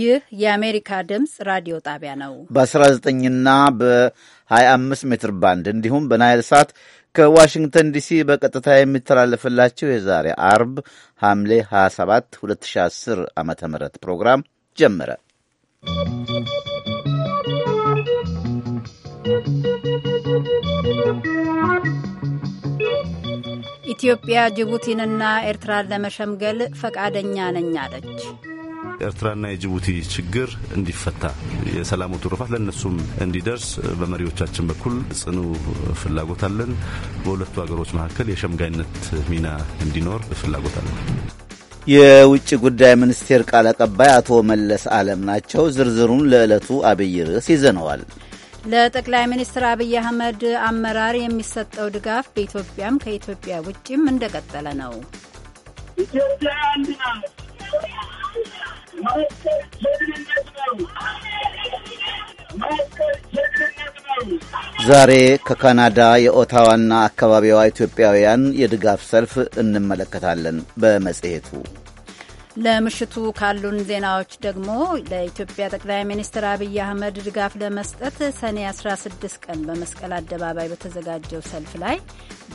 ይህ የአሜሪካ ድምፅ ራዲዮ ጣቢያ ነው። በ19ና በ25 ሜትር ባንድ እንዲሁም በናይል ሳት ከዋሽንግተን ዲሲ በቀጥታ የሚተላለፍላቸው የዛሬ አርብ ሐምሌ 27 2010 ዓ ም ፕሮግራም ጀመረ። ኢትዮጵያ ጅቡቲንና ኤርትራን ለመሸምገል ፈቃደኛ ነኝ አለች። ኤርትራና የጅቡቲ ችግር እንዲፈታ የሰላሙ ትሩፋት ለእነሱም እንዲደርስ በመሪዎቻችን በኩል ጽኑ ፍላጎት አለን። በሁለቱ ሀገሮች መካከል የሸምጋይነት ሚና እንዲኖር ፍላጎት አለን። የውጭ ጉዳይ ሚኒስቴር ቃል አቀባይ አቶ መለስ አለም ናቸው። ዝርዝሩን ለዕለቱ አብይ ርዕስ ይዘነዋል። ለጠቅላይ ሚኒስትር አብይ አህመድ አመራር የሚሰጠው ድጋፍ በኢትዮጵያም ከኢትዮጵያ ውጭም እንደቀጠለ ነው። ኢትዮጵያ አንድ ናት። ዛሬ ከካናዳ የኦታዋና አካባቢዋ ኢትዮጵያውያን የድጋፍ ሰልፍ እንመለከታለን በመጽሔቱ ለምሽቱ ካሉን ዜናዎች ደግሞ ለኢትዮጵያ ጠቅላይ ሚኒስትር አብይ አህመድ ድጋፍ ለመስጠት ሰኔ 16 ቀን በመስቀል አደባባይ በተዘጋጀው ሰልፍ ላይ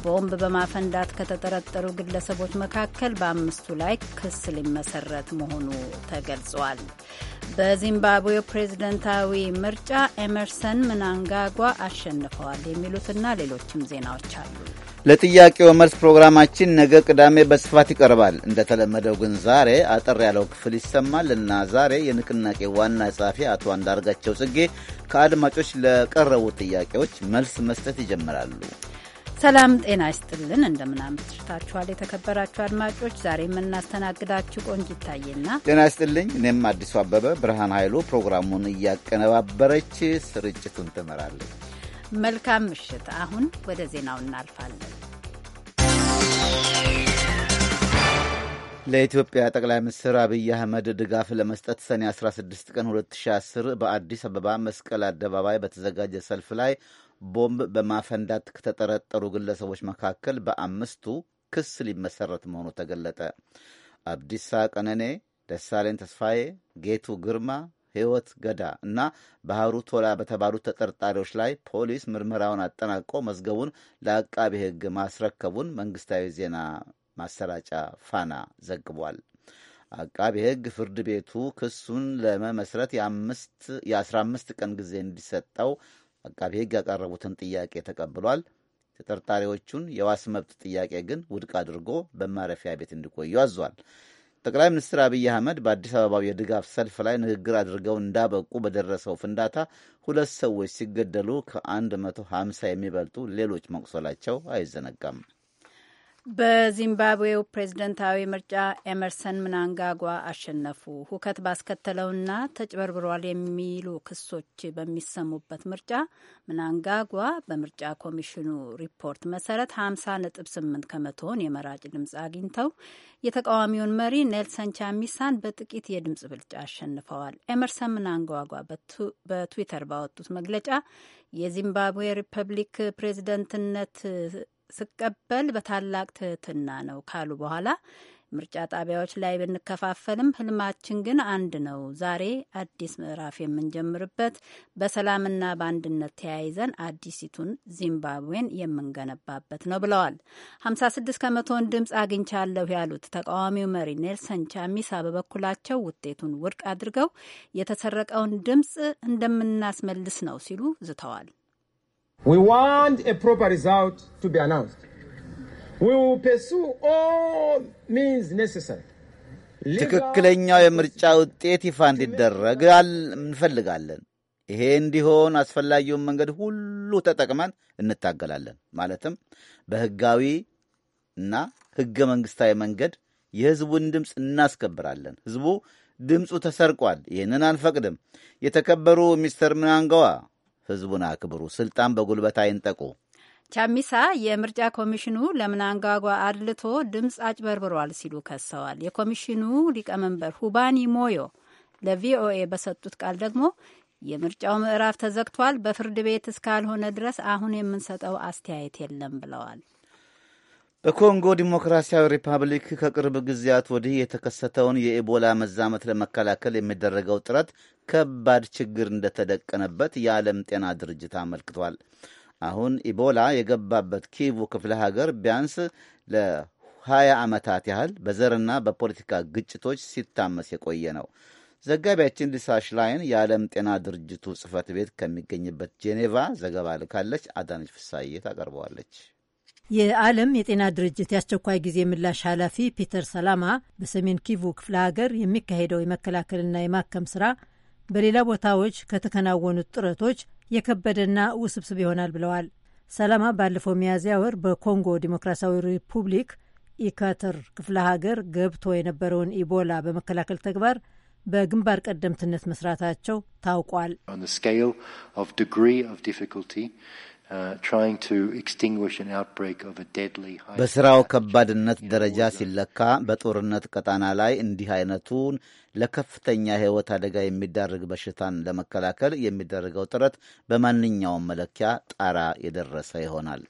ቦምብ በማፈንዳት ከተጠረጠሩ ግለሰቦች መካከል በአምስቱ ላይ ክስ ሊመሰረት መሆኑ ተገልጿል። በዚምባብዌ ፕሬዝደንታዊ ምርጫ ኤመርሰን ምናንጋጓ አሸንፈዋል የሚሉትና ሌሎችም ዜናዎች አሉ። ለጥያቄው መልስ ፕሮግራማችን ነገ ቅዳሜ በስፋት ይቀርባል። እንደተለመደው ግን ዛሬ አጠር ያለው ክፍል ይሰማል እና ዛሬ የንቅናቄ ዋና ጸሐፊ አቶ አንዳርጋቸው ጽጌ ከአድማጮች ለቀረቡ ጥያቄዎች መልስ መስጠት ይጀምራሉ። ሰላም ጤና ይስጥልን። እንደምናምሽታችኋል የተከበራችሁ አድማጮች፣ ዛሬ የምናስተናግዳችሁ ቆንጅ ይታየና ጤና ይስጥልኝ። እኔም አዲሱ አበበ። ብርሃን ኃይሉ ፕሮግራሙን እያቀነባበረች ስርጭቱን ትመራለች። መልካም ምሽት። አሁን ወደ ዜናው እናልፋለን። ለኢትዮጵያ ጠቅላይ ሚኒስትር አብይ አህመድ ድጋፍ ለመስጠት ሰኔ 16 ቀን 2010 በአዲስ አበባ መስቀል አደባባይ በተዘጋጀ ሰልፍ ላይ ቦምብ በማፈንዳት ከተጠረጠሩ ግለሰቦች መካከል በአምስቱ ክስ ሊመሰረት መሆኑ ተገለጠ። አብዲሳ ቀነኔ፣ ደሳለኝ ተስፋዬ፣ ጌቱ ግርማ፣ ሕይወት ገዳ እና ባህሩ ቶላ በተባሉት ተጠርጣሪዎች ላይ ፖሊስ ምርመራውን አጠናቆ መዝገቡን ለአቃቤ ሕግ ማስረከቡን መንግስታዊ ዜና ማሰራጫ ፋና ዘግቧል። አቃቤ ሕግ ፍርድ ቤቱ ክሱን ለመመስረት የ15 ቀን ጊዜ እንዲሰጠው አቃቤ ሕግ ያቀረቡትን ጥያቄ ተቀብሏል። ተጠርጣሪዎቹን የዋስ መብት ጥያቄ ግን ውድቅ አድርጎ በማረፊያ ቤት እንዲቆዩ አዟል። ጠቅላይ ሚኒስትር አብይ አህመድ በአዲስ አበባው የድጋፍ ሰልፍ ላይ ንግግር አድርገው እንዳበቁ በደረሰው ፍንዳታ ሁለት ሰዎች ሲገደሉ ከ መቶ የሚበልጡ ሌሎች መቁሰላቸው አይዘነጋም። በዚምባብዌው ፕሬዝደንታዊ ምርጫ ኤመርሰን ምናንጋጓ አሸነፉ። ሁከት ባስከተለውና ተጭበርብሯል የሚሉ ክሶች በሚሰሙበት ምርጫ ምናንጋጓ በምርጫ ኮሚሽኑ ሪፖርት መሰረት 50 ነጥብ 8 ከመቶውን የመራጭ ድምፅ አግኝተው የተቃዋሚውን መሪ ኔልሰን ቻሚሳን በጥቂት የድምፅ ብልጫ አሸንፈዋል። ኤመርሰን ምናንጋጓ በትዊተር ባወጡት መግለጫ የዚምባብዌ ሪፐብሊክ ፕሬዝደንትነት ስቀበል በታላቅ ትህትና ነው ካሉ በኋላ ምርጫ ጣቢያዎች ላይ ብንከፋፈልም ህልማችን ግን አንድ ነው። ዛሬ አዲስ ምዕራፍ የምንጀምርበት በሰላምና በአንድነት ተያይዘን አዲሲቱን ዚምባብዌን የምንገነባበት ነው ብለዋል። 56 ከመቶን ድምፅ አግኝቻለሁ ያሉት ተቃዋሚው መሪ ኔልሰን ቻሚሳ በበኩላቸው ውጤቱን ውድቅ አድርገው የተሰረቀውን ድምፅ እንደምናስመልስ ነው ሲሉ ዝተዋል። We want a proper result to be announced. We will pursue all means necessary. ትክክለኛው የምርጫ ውጤት ይፋ እንዲደረግ እንፈልጋለን። ይሄ እንዲሆን አስፈላጊውን መንገድ ሁሉ ተጠቅመን እንታገላለን። ማለትም በህጋዊ እና ህገ መንግስታዊ መንገድ የህዝቡን ድምፅ እናስከብራለን። ህዝቡ ድምፁ ተሰርቋል፣ ይህንን አንፈቅድም። የተከበሩ ሚስተር ምናንገዋ ህዝቡን አክብሩ፣ ስልጣን በጉልበት አይንጠቁ። ቻሚሳ የምርጫ ኮሚሽኑ ለምናንጋጓ አድልቶ ድምፅ አጭበርብሯል ሲሉ ከሰዋል። የኮሚሽኑ ሊቀመንበር ሁባኒ ሞዮ ለቪኦኤ በሰጡት ቃል ደግሞ የምርጫው ምዕራፍ ተዘግቷል፣ በፍርድ ቤት እስካልሆነ ድረስ አሁን የምንሰጠው አስተያየት የለም ብለዋል። በኮንጎ ዲሞክራሲያዊ ሪፐብሊክ ከቅርብ ጊዜያት ወዲህ የተከሰተውን የኢቦላ መዛመት ለመከላከል የሚደረገው ጥረት ከባድ ችግር እንደተደቀነበት የዓለም ጤና ድርጅት አመልክቷል። አሁን ኢቦላ የገባበት ኪቡ ክፍለ ሀገር ቢያንስ ለ20 ዓመታት ያህል በዘርና በፖለቲካ ግጭቶች ሲታመስ የቆየ ነው። ዘጋቢያችን ሊሳሽ ላይን የዓለም ጤና ድርጅቱ ጽህፈት ቤት ከሚገኝበት ጄኔቫ ዘገባ ልካለች። አዳነች ፍሳዬ ታቀርበዋለች። የዓለም የጤና ድርጅት የአስቸኳይ ጊዜ ምላሽ ኃላፊ ፒተር ሰላማ በሰሜን ኪቩ ክፍለ ሀገር የሚካሄደው የመከላከልና የማከም ስራ በሌላ ቦታዎች ከተከናወኑት ጥረቶች የከበደና ውስብስብ ይሆናል ብለዋል። ሰላማ ባለፈው ሚያዝያ ወር በኮንጎ ዲሞክራሲያዊ ሪፑብሊክ ኢካትር ክፍለ ሀገር ገብቶ የነበረውን ኢቦላ በመከላከል ተግባር በግንባር ቀደምትነት መስራታቸው ታውቋል። Uh, በሥራው ከባድነት ደረጃ ሲለካ በጦርነት ቀጣና ላይ እንዲህ አይነቱን ለከፍተኛ ሕይወት አደጋ የሚዳርግ በሽታን ለመከላከል የሚደረገው ጥረት በማንኛውም መለኪያ ጣራ የደረሰ ይሆናል።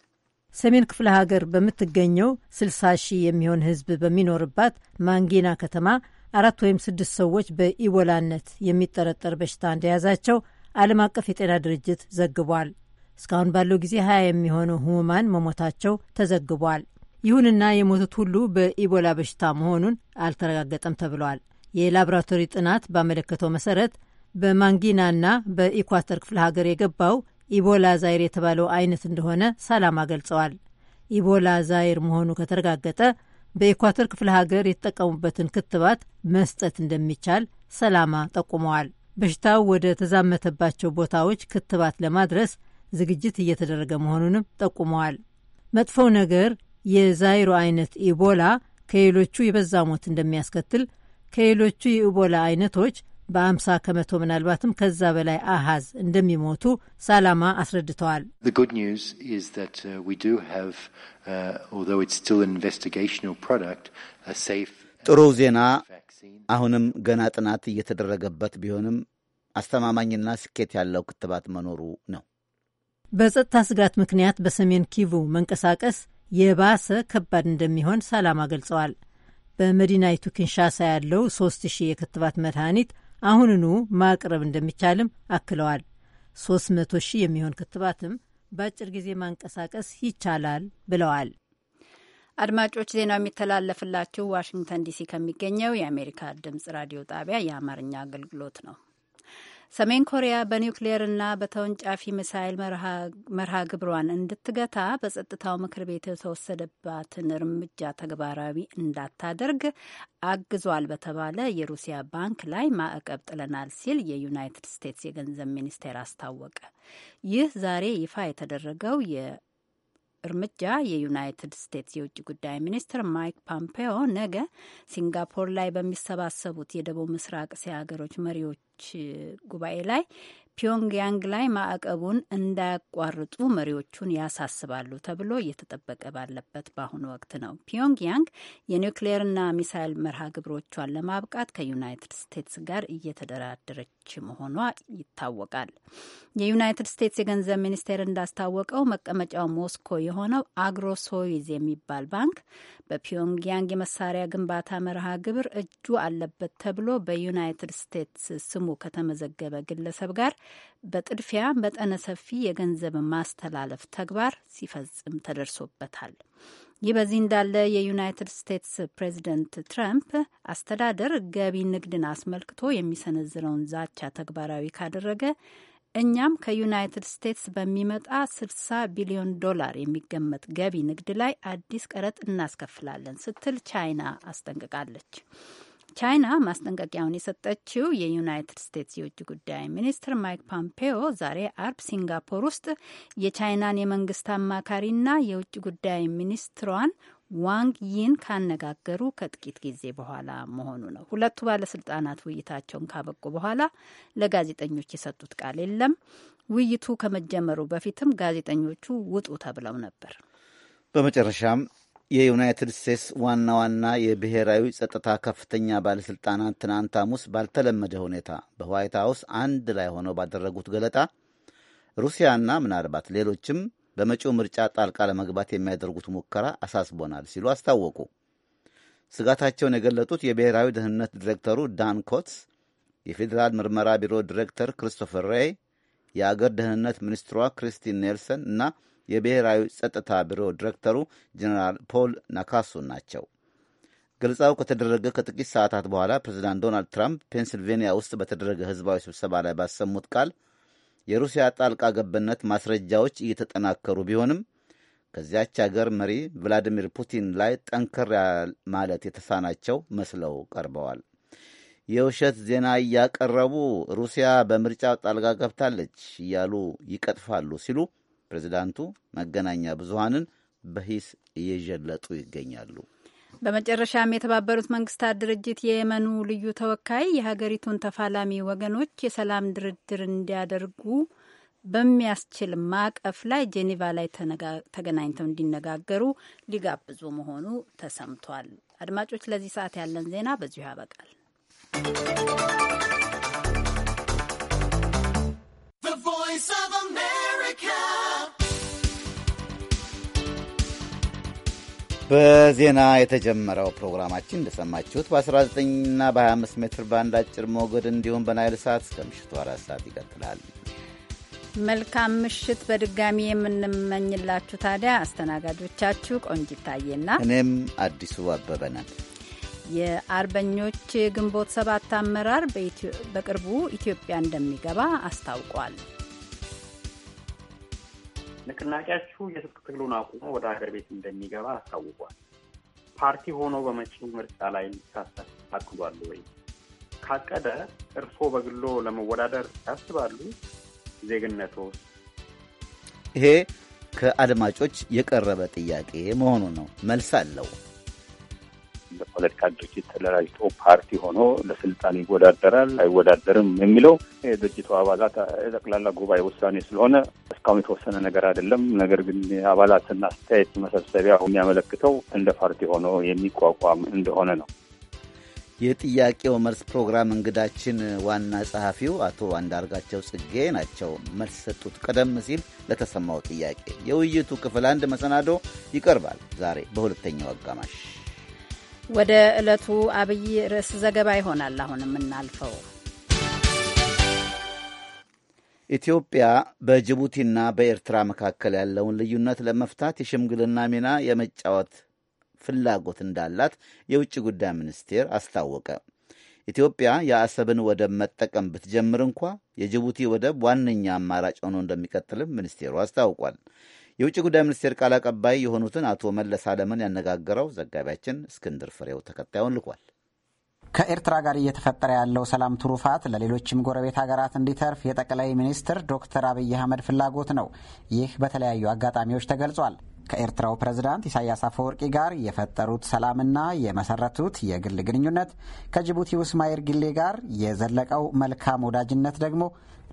ሰሜን ክፍለ ሀገር በምትገኘው 60 ሺህ የሚሆን ሕዝብ በሚኖርባት ማንጊና ከተማ አራት ወይም ስድስት ሰዎች በኢቦላነት የሚጠረጠር በሽታ እንደያዛቸው ዓለም አቀፍ የጤና ድርጅት ዘግቧል። እስካሁን ባለው ጊዜ ሀያ የሚሆኑ ህሙማን መሞታቸው ተዘግቧል። ይሁንና የሞቱት ሁሉ በኢቦላ በሽታ መሆኑን አልተረጋገጠም ተብለዋል። የላቦራቶሪ ጥናት ባመለከተው መሰረት በማንጊናና በኢኳተር ክፍለ ሀገር የገባው ኢቦላ ዛይር የተባለው አይነት እንደሆነ ሳላማ ገልጸዋል። ኢቦላ ዛይር መሆኑ ከተረጋገጠ በኢኳተር ክፍለ ሀገር የተጠቀሙበትን ክትባት መስጠት እንደሚቻል ሰላማ ጠቁመዋል። በሽታው ወደ ተዛመተባቸው ቦታዎች ክትባት ለማድረስ ዝግጅት እየተደረገ መሆኑንም ጠቁመዋል። መጥፎው ነገር የዛይሮ አይነት ኢቦላ ከሌሎቹ የበዛ ሞት እንደሚያስከትል ከሌሎቹ የኢቦላ አይነቶች በአምሳ ከመቶ ምናልባትም ከዛ በላይ አሃዝ እንደሚሞቱ ሳላማ አስረድተዋል። uh, uh, ጥሩ ዜና አሁንም ገና ጥናት እየተደረገበት ቢሆንም አስተማማኝና ስኬት ያለው ክትባት መኖሩ ነው። በጸጥታ ስጋት ምክንያት በሰሜን ኪቩ መንቀሳቀስ የባሰ ከባድ እንደሚሆን ሳላማ ገልጸዋል። በመዲናይቱ ኪንሻሳ ያለው 3000 የክትባት መድኃኒት አሁንኑ ማቅረብ እንደሚቻልም አክለዋል። 300 ሺህ የሚሆን ክትባትም በአጭር ጊዜ ማንቀሳቀስ ይቻላል ብለዋል። አድማጮች ዜናው የሚተላለፍላችሁ ዋሽንግተን ዲሲ ከሚገኘው የአሜሪካ ድምጽ ራዲዮ ጣቢያ የአማርኛ አገልግሎት ነው። ሰሜን ኮሪያ በኒውክሌርና በተወንጫፊ ሚሳይል መርሃ ግብሯን እንድትገታ በጸጥታው ምክር ቤት የተወሰደባትን እርምጃ ተግባራዊ እንዳታደርግ አግዟል በተባለ የሩሲያ ባንክ ላይ ማዕቀብ ጥለናል ሲል የዩናይትድ ስቴትስ የገንዘብ ሚኒስቴር አስታወቀ። ይህ ዛሬ ይፋ የተደረገው እርምጃ የዩናይትድ ስቴትስ የውጭ ጉዳይ ሚኒስትር ማይክ ፖምፔዮ ነገ ሲንጋፖር ላይ በሚሰባሰቡት የደቡብ ምስራቅ እስያ ሀገሮች መሪዎች 去古巴来。ፒዮንግያንግ ላይ ማዕቀቡን እንዳያቋርጡ መሪዎቹን ያሳስባሉ ተብሎ እየተጠበቀ ባለበት በአሁኑ ወቅት ነው። ፒዮንግያንግ የኒውክሌርና ሚሳይል መርሃ ግብሮቿን ለማብቃት ከዩናይትድ ስቴትስ ጋር እየተደራደረች መሆኗ ይታወቃል። የዩናይትድ ስቴትስ የገንዘብ ሚኒስቴር እንዳስታወቀው መቀመጫው ሞስኮ የሆነው አግሮሶይዝ የሚባል ባንክ በፒዮንግያንግ የመሳሪያ ግንባታ መርሃ ግብር እጁ አለበት ተብሎ በዩናይትድ ስቴትስ ስሙ ከተመዘገበ ግለሰብ ጋር በጥድፊያ መጠነ ሰፊ የገንዘብ ማስተላለፍ ተግባር ሲፈጽም ተደርሶበታል። ይህ በዚህ እንዳለ የዩናይትድ ስቴትስ ፕሬዚደንት ትራምፕ አስተዳደር ገቢ ንግድን አስመልክቶ የሚሰነዝረውን ዛቻ ተግባራዊ ካደረገ እኛም ከዩናይትድ ስቴትስ በሚመጣ 60 ቢሊዮን ዶላር የሚገመት ገቢ ንግድ ላይ አዲስ ቀረጥ እናስከፍላለን ስትል ቻይና አስጠንቅቃለች። ቻይና ማስጠንቀቂያውን የሰጠችው የዩናይትድ ስቴትስ የውጭ ጉዳይ ሚኒስትር ማይክ ፖምፔዮ ዛሬ አርብ ሲንጋፖር ውስጥ የቻይናን የመንግስት አማካሪና የውጭ ጉዳይ ሚኒስትሯን ዋንግ ይን ካነጋገሩ ከጥቂት ጊዜ በኋላ መሆኑ ነው። ሁለቱ ባለስልጣናት ውይይታቸውን ካበቁ በኋላ ለጋዜጠኞች የሰጡት ቃል የለም። ውይይቱ ከመጀመሩ በፊትም ጋዜጠኞቹ ውጡ ተብለው ነበር። በመጨረሻም የዩናይትድ ስቴትስ ዋና ዋና የብሔራዊ ጸጥታ ከፍተኛ ባለሥልጣናት ትናንት ሐሙስ ባልተለመደ ሁኔታ በዋይት ሀውስ አንድ ላይ ሆነው ባደረጉት ገለጣ ሩሲያና ምናልባት ሌሎችም በመጪው ምርጫ ጣልቃ ለመግባት የሚያደርጉት ሙከራ አሳስቦናል ሲሉ አስታወቁ። ስጋታቸውን የገለጡት የብሔራዊ ደህንነት ዲሬክተሩ ዳን ኮትስ፣ የፌዴራል ምርመራ ቢሮ ዲሬክተር ክሪስቶፈር ሬይ፣ የአገር ደህንነት ሚኒስትሯ ክሪስቲን ኔልሰን እና የብሔራዊ ጸጥታ ቢሮ ዲሬክተሩ ጀኔራል ፖል ናካሱ ናቸው። ግልጻው ከተደረገ ከጥቂት ሰዓታት በኋላ ፕሬዚዳንት ዶናልድ ትራምፕ ፔንስልቬንያ ውስጥ በተደረገ ህዝባዊ ስብሰባ ላይ ባሰሙት ቃል የሩሲያ ጣልቃ ገብነት ማስረጃዎች እየተጠናከሩ ቢሆንም ከዚያች አገር መሪ ቭላዲሚር ፑቲን ላይ ጠንከር ማለት የተሳናቸው መስለው ቀርበዋል። የውሸት ዜና እያቀረቡ ሩሲያ በምርጫው ጣልቃ ገብታለች እያሉ ይቀጥፋሉ ሲሉ ፕሬዚዳንቱ መገናኛ ብዙሃንን በሂስ እየዠለጡ ይገኛሉ። በመጨረሻም የተባበሩት መንግስታት ድርጅት የየመኑ ልዩ ተወካይ የሀገሪቱን ተፋላሚ ወገኖች የሰላም ድርድር እንዲያደርጉ በሚያስችል ማዕቀፍ ላይ ጄኔቫ ላይ ተገናኝተው እንዲነጋገሩ ሊጋብዙ መሆኑ ተሰምቷል። አድማጮች፣ ለዚህ ሰዓት ያለን ዜና በዚሁ ያበቃል። ቮይስ ኦፍ አሜሪካ በዜና የተጀመረው ፕሮግራማችን እንደሰማችሁት በ19ና በ25 ሜትር ባንድ አጭር ሞገድ እንዲሁም በናይል ሰዓት እስከ ምሽቱ አራት ሰዓት ይቀጥላል። መልካም ምሽት በድጋሚ የምንመኝላችሁ ታዲያ አስተናጋጆቻችሁ ቆንጅ ይታየና እኔም አዲሱ አበበ ነን። የአርበኞች ግንቦት ሰባት አመራር በቅርቡ ኢትዮጵያ እንደሚገባ አስታውቋል። ንቅናቄያችሁ የትጥቅ ትግሉን አቁሞ ወደ ሀገር ቤት እንደሚገባ አስታውቋል። ፓርቲ ሆኖ በመጪው ምርጫ ላይ ሊሳተፍ አቅዷል ወይ? ካቀደ እርስዎ በግሎ ለመወዳደር ያስባሉ? ዜግነቶ? ይሄ ከአድማጮች የቀረበ ጥያቄ መሆኑ ነው። መልስ አለው። ፖለቲካ ድርጅት ተደራጅቶ ፓርቲ ሆኖ ለስልጣን ይወዳደራል አይወዳደርም የሚለው የድርጅቱ አባላት ጠቅላላ ጉባኤ ውሳኔ ስለሆነ እስካሁን የተወሰነ ነገር አይደለም። ነገር ግን የአባላትና አስተያየት መሰብሰቢያ የሚያመለክተው እንደ ፓርቲ ሆኖ የሚቋቋም እንደሆነ ነው። የጥያቄው መልስ ፕሮግራም እንግዳችን ዋና ጸሐፊው አቶ አንዳርጋቸው ጽጌ ናቸው። መልስ ሰጡት ቀደም ሲል ለተሰማው ጥያቄ። የውይይቱ ክፍል አንድ መሰናዶ ይቀርባል ዛሬ በሁለተኛው አጋማሽ። ወደ ዕለቱ አብይ ርዕስ ዘገባ ይሆናል አሁን የምናልፈው። ኢትዮጵያ በጅቡቲና በኤርትራ መካከል ያለውን ልዩነት ለመፍታት የሽምግልና ሚና የመጫወት ፍላጎት እንዳላት የውጭ ጉዳይ ሚኒስቴር አስታወቀ። ኢትዮጵያ የአሰብን ወደብ መጠቀም ብትጀምር እንኳ የጅቡቲ ወደብ ዋነኛ አማራጭ ሆኖ እንደሚቀጥልም ሚኒስቴሩ አስታውቋል። የውጭ ጉዳይ ሚኒስቴር ቃል አቀባይ የሆኑትን አቶ መለስ አለምን ያነጋገረው ዘጋቢያችን እስክንድር ፍሬው ተከታዩን ልኳል። ከኤርትራ ጋር እየተፈጠረ ያለው ሰላም ትሩፋት ለሌሎችም ጎረቤት ሀገራት እንዲተርፍ የጠቅላይ ሚኒስትር ዶክተር አብይ አህመድ ፍላጎት ነው። ይህ በተለያዩ አጋጣሚዎች ተገልጿል። ከኤርትራው ፕሬዝዳንት ኢሳያስ አፈወርቂ ጋር የፈጠሩት ሰላምና የመሰረቱት የግል ግንኙነት፣ ከጅቡቲው እስማኤል ጊሌ ጋር የዘለቀው መልካም ወዳጅነት ደግሞ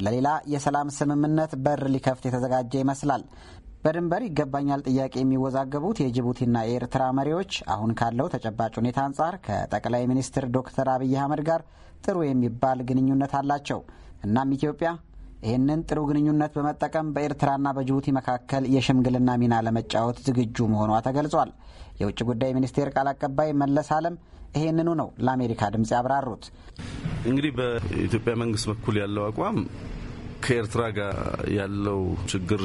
ለሌላ የሰላም ስምምነት በር ሊከፍት የተዘጋጀ ይመስላል። በድንበር ይገባኛል ጥያቄ የሚወዛገቡት የጅቡቲና የኤርትራ መሪዎች አሁን ካለው ተጨባጭ ሁኔታ አንጻር ከጠቅላይ ሚኒስትር ዶክተር አብይ አህመድ ጋር ጥሩ የሚባል ግንኙነት አላቸው። እናም ኢትዮጵያ ይህንን ጥሩ ግንኙነት በመጠቀም በኤርትራና በጅቡቲ መካከል የሽምግልና ሚና ለመጫወት ዝግጁ መሆኗ ተገልጿል። የውጭ ጉዳይ ሚኒስቴር ቃል አቀባይ መለስ አለም ይህንኑ ነው ለአሜሪካ ድምፅ ያብራሩት። እንግዲህ በኢትዮጵያ መንግስት በኩል ያለው አቋም ከኤርትራ ጋር ያለው ችግር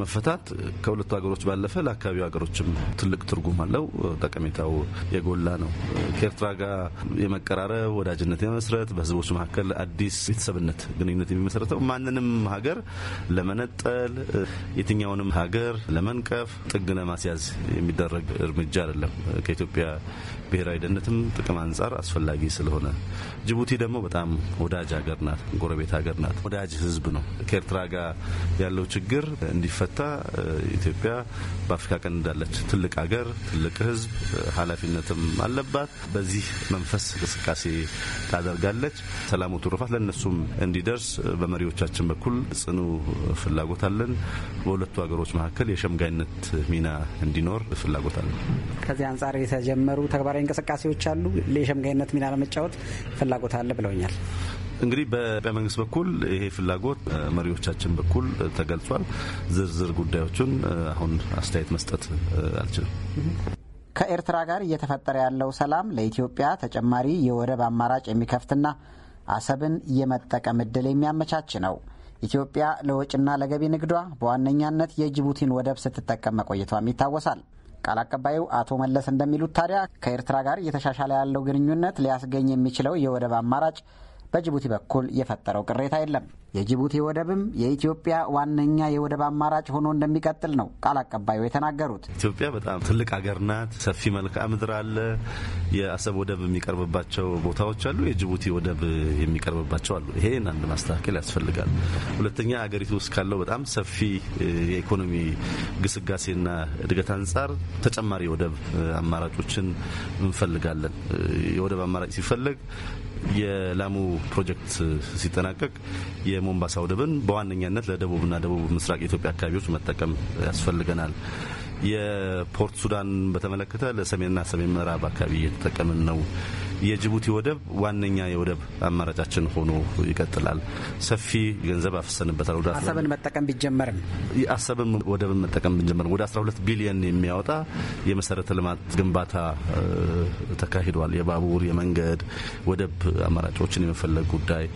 መፈታት ከሁለቱ ሀገሮች ባለፈ ለአካባቢው ሀገሮችም ትልቅ ትርጉም አለው። ጠቀሜታው የጎላ ነው። ከኤርትራ ጋር የመቀራረብ ወዳጅነት የመስረት በህዝቦች መካከል አዲስ ቤተሰብነት ግንኙነት የሚመሰረተው ማንንም ሀገር ለመነጠል የትኛውንም ሀገር ለመንቀፍ ጥግ ለማስያዝ የሚደረግ እርምጃ አይደለም። ከኢትዮጵያ ብሔራዊ ደህንነትም ጥቅም አንጻር አስፈላጊ ስለሆነ፣ ጅቡቲ ደግሞ በጣም ወዳጅ ሀገር ናት፣ ጎረቤት ሀገር ናት፣ ወዳጅ ህዝብ ነው። ከኤርትራ ጋር ያለው ችግር እንዲፈታ ኢትዮጵያ በአፍሪካ ቀንድ እንዳለች ትልቅ ሀገር ትልቅ ህዝብ ኃላፊነትም አለባት። በዚህ መንፈስ እንቅስቃሴ ታደርጋለች። ሰላሙ ትሩፋት ለእነሱም እንዲደርስ በመሪዎቻችን በኩል ጽኑ ፍላጎት አለን። በሁለቱ ሀገሮች መካከል የሸምጋይነት ሚና እንዲኖር ፍላጎት አለን። ከዚህ አንጻር የተጀመሩ ተግባራዊ ማህበራዊ እንቅስቃሴዎች አሉ። ለሸምጋይነት ሚና ለመጫወት ፍላጎት አለ ብለውኛል። እንግዲህ በኢትዮጵያ መንግስት በኩል ይሄ ፍላጎት መሪዎቻችን በኩል ተገልጿል። ዝርዝር ጉዳዮችን አሁን አስተያየት መስጠት አልችልም። ከኤርትራ ጋር እየተፈጠረ ያለው ሰላም ለኢትዮጵያ ተጨማሪ የወደብ አማራጭ የሚከፍትና አሰብን የመጠቀም እድል የሚያመቻች ነው። ኢትዮጵያ ለወጭና ለገቢ ንግዷ በዋነኛነት የጅቡቲን ወደብ ስትጠቀም መቆየቷም ይታወሳል። ቃል አቀባዩ አቶ መለስ እንደሚሉት ታዲያ ከኤርትራ ጋር እየተሻሻለ ያለው ግንኙነት ሊያስገኝ የሚችለው የወደብ አማራጭ በጅቡቲ በኩል የፈጠረው ቅሬታ የለም። የጅቡቲ ወደብም የኢትዮጵያ ዋነኛ የወደብ አማራጭ ሆኖ እንደሚቀጥል ነው ቃል አቀባዩ የተናገሩት። ኢትዮጵያ በጣም ትልቅ አገር ናት። ሰፊ መልክዓ ምድር አለ። የአሰብ ወደብ የሚቀርብባቸው ቦታዎች አሉ። የጅቡቲ ወደብ የሚቀርብባቸው አሉ። ይሄን አንድ ማስተካከል ያስፈልጋል። ሁለተኛ አገሪቱ ውስጥ ካለው በጣም ሰፊ የኢኮኖሚ ግስጋሴና እድገት አንጻር ተጨማሪ የወደብ አማራጮችን እንፈልጋለን። የወደብ አማራጭ ሲፈለግ የላሙ ፕሮጀክት ሲጠናቀቅ የሞምባሳ ወደብን በዋነኛነት ለደቡብና ደቡብ ምስራቅ የኢትዮጵያ አካባቢዎች መጠቀም ያስፈልገናል። የፖርት ሱዳን በተመለከተ ለሰሜንና ሰሜን ምዕራብ አካባቢ እየተጠቀምን ነው። የጅቡቲ ወደብ ዋነኛ የወደብ አማራጫችን ሆኖ ይቀጥላል። ሰፊ ገንዘብ አፈሰንበታል። አሰብን መጠቀም ቢጀመርም አሰብን ወደብን መጠቀም ብንጀመርም ወደ 12 ቢሊዮን የሚያወጣ የመሰረተ ልማት ግንባታ ተካሂዷል። የባቡር፣ የመንገድ፣ ወደብ አማራጮችን የመፈለግ ጉዳይ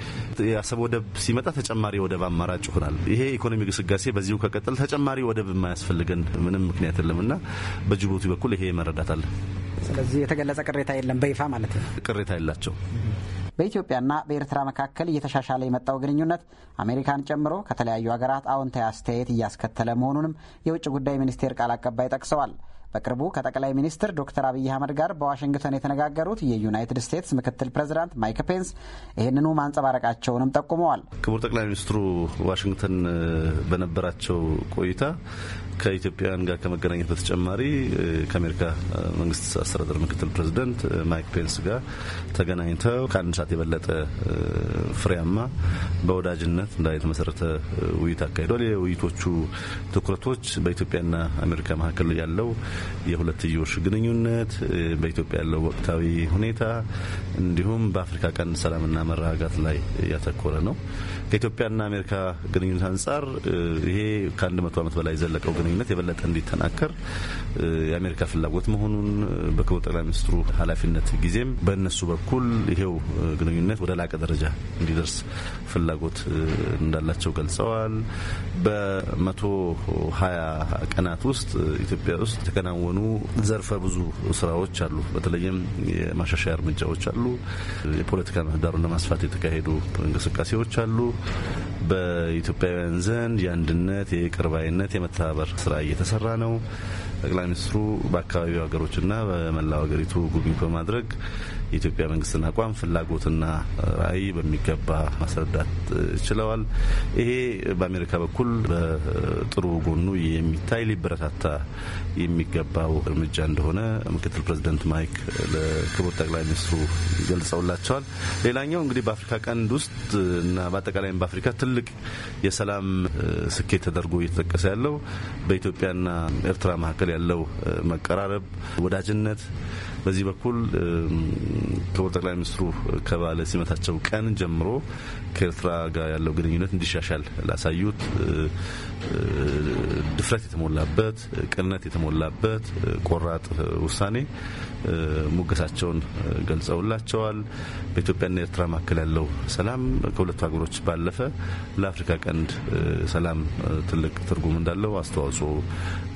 የአሰብ ወደብ ሲመጣ ተጨማሪ ወደብ አማራጭ ይሆናል። ይሄ ኢኮኖሚ ግስጋሴ በዚሁ ከቀጠል ተጨማሪ ወደብ የማያስፈልገን ምንም ምክንያት የለምና በጅቡቲ በኩል ይሄ መረዳት አለ። ስለዚህ የተገለጸ ቅሬታ የለም በይፋ ማለት ነው። ቅሬታ የላቸው። በኢትዮጵያና በኤርትራ መካከል እየተሻሻለ የመጣው ግንኙነት አሜሪካን ጨምሮ ከተለያዩ ሀገራት አዎንታዊ አስተያየት እያስከተለ መሆኑንም የውጭ ጉዳይ ሚኒስቴር ቃል አቀባይ ጠቅሰዋል። በቅርቡ ከጠቅላይ ሚኒስትር ዶክተር አብይ አህመድ ጋር በዋሽንግተን የተነጋገሩት የዩናይትድ ስቴትስ ምክትል ፕሬዚዳንት ማይክ ፔንስ ይህንኑ ማንጸባረቃቸውንም ጠቁመዋል። ክቡር ጠቅላይ ሚኒስትሩ ዋሽንግተን በነበራቸው ቆይታ ከኢትዮጵያውያን ጋር ከመገናኘት በተጨማሪ ከአሜሪካ መንግስት አስተዳደር ምክትል ፕሬዚደንት ማይክ ፔንስ ጋር ተገናኝተው ከአንድ ሰዓት የበለጠ ፍሬያማ በወዳጅነት ላይ የተመሰረተ ውይይት አካሂዷል። የውይይቶቹ ትኩረቶች በኢትዮጵያና አሜሪካ መካከል ያለው የሁለትዮሽ ግንኙነት፣ በኢትዮጵያ ያለው ወቅታዊ ሁኔታ እንዲሁም በአፍሪካ ቀንድ ሰላምና መረጋጋት ላይ ያተኮረ ነው። ከኢትዮጵያና አሜሪካ ግንኙነት አንጻር ይሄ ከአንድ መቶ ዓመት በላይ የዘለቀው ግንኙነት የበለጠ እንዲተናከር የአሜሪካ ፍላጎት መሆኑን በክቡር ጠቅላይ ሚኒስትሩ ኃላፊነት ጊዜም በእነሱ በኩል ይሄው ግንኙነት ወደ ላቀ ደረጃ እንዲደርስ ፍላጎት እንዳላቸው ገልጸዋል። በመቶ ሀያ ቀናት ውስጥ ኢትዮጵያ ውስጥ ተከና የሚከናወኑ ዘርፈ ብዙ ስራዎች አሉ። በተለይም የማሻሻያ እርምጃዎች አሉ። የፖለቲካ ምህዳሩን ለማስፋት የተካሄዱ እንቅስቃሴዎች አሉ። በኢትዮጵያውያን ዘንድ የአንድነት፣ የቅርባይነት፣ የመተባበር ስራ እየተሰራ ነው። ጠቅላይ ሚኒስትሩ በአካባቢው ሀገሮችና በመላው ሀገሪቱ ጉብኝት በማድረግ የኢትዮጵያ መንግስትን አቋም ፍላጎትና ራዕይ በሚገባ ማስረዳት ችለዋል። ይሄ በአሜሪካ በኩል በጥሩ ጎኑ የሚታይ ሊበረታታ የሚገባው እርምጃ እንደሆነ ምክትል ፕሬዚደንት ማይክ ለክቡር ጠቅላይ ሚኒስትሩ ገልጸውላቸዋል። ሌላኛው እንግዲህ በአፍሪካ ቀንድ ውስጥ እና በአጠቃላይም በአፍሪካ ትልቅ የሰላም ስኬት ተደርጎ እየተጠቀሰ ያለው በኢትዮጵያና ኤርትራ መካከል ያለው መቀራረብ፣ ወዳጅነት በዚህ በኩል ክቡር ጠቅላይ ሚኒስትሩ ከባለ ሲመታቸው ቀን ጀምሮ ከኤርትራ ጋር ያለው ግንኙነት እንዲሻሻል ላሳዩት ድፍረት የተሞላበት ቅንነት የተሞላበት ቆራጥ ውሳኔ ሙገሳቸውን ገልጸውላቸዋል። በኢትዮጵያና ኤርትራ መካከል ያለው ሰላም ከሁለቱ ሀገሮች ባለፈ ለአፍሪካ ቀንድ ሰላም ትልቅ ትርጉም እንዳለው አስተዋጽኦ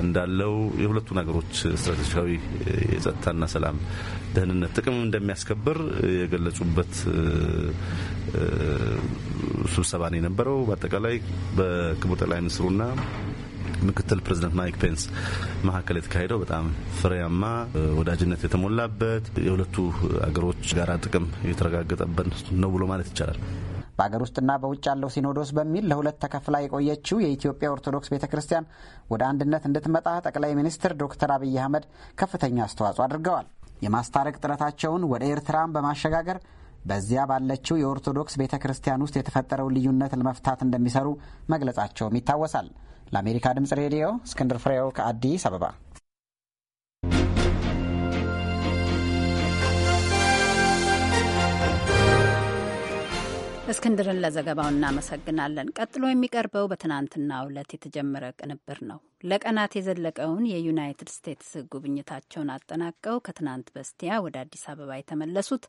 እንዳለው የሁለቱን ሀገሮች ስትራቴጂካዊ የጸጥታና ሰላም ደህንነት ጥቅም እንደሚያስከብር የገለጹበት ስብሰባ ነው የነበረው። በአጠቃላይ በክቡር ጠቅላይ ና ምክትል ፕሬዚደንት ማይክ ፔንስ መካከል የተካሄደው በጣም ፍሬያማ ወዳጅነት የተሞላበት የሁለቱ አገሮች ጋራ ጥቅም የተረጋገጠበት ነው ብሎ ማለት ይቻላል። በአገር ውስጥና በውጭ ያለው ሲኖዶስ በሚል ለሁለት ተከፍላ የቆየችው የኢትዮጵያ ኦርቶዶክስ ቤተ ክርስቲያን ወደ አንድነት እንድትመጣ ጠቅላይ ሚኒስትር ዶክተር አብይ አህመድ ከፍተኛ አስተዋጽኦ አድርገዋል። የማስታረቅ ጥረታቸውን ወደ ኤርትራም በማሸጋገር በዚያ ባለችው የኦርቶዶክስ ቤተ ክርስቲያን ውስጥ የተፈጠረውን ልዩነት ለመፍታት እንደሚሰሩ መግለጻቸውም ይታወሳል። ለአሜሪካ ድምጽ ሬዲዮ እስክንድር ፍሬው ከአዲስ አበባ እስክንድርን ለዘገባው እናመሰግናለን። ቀጥሎ የሚቀርበው በትናንትና ዕለት የተጀመረ ቅንብር ነው። ለቀናት የዘለቀውን የዩናይትድ ስቴትስ ጉብኝታቸውን አጠናቀው ከትናንት በስቲያ ወደ አዲስ አበባ የተመለሱት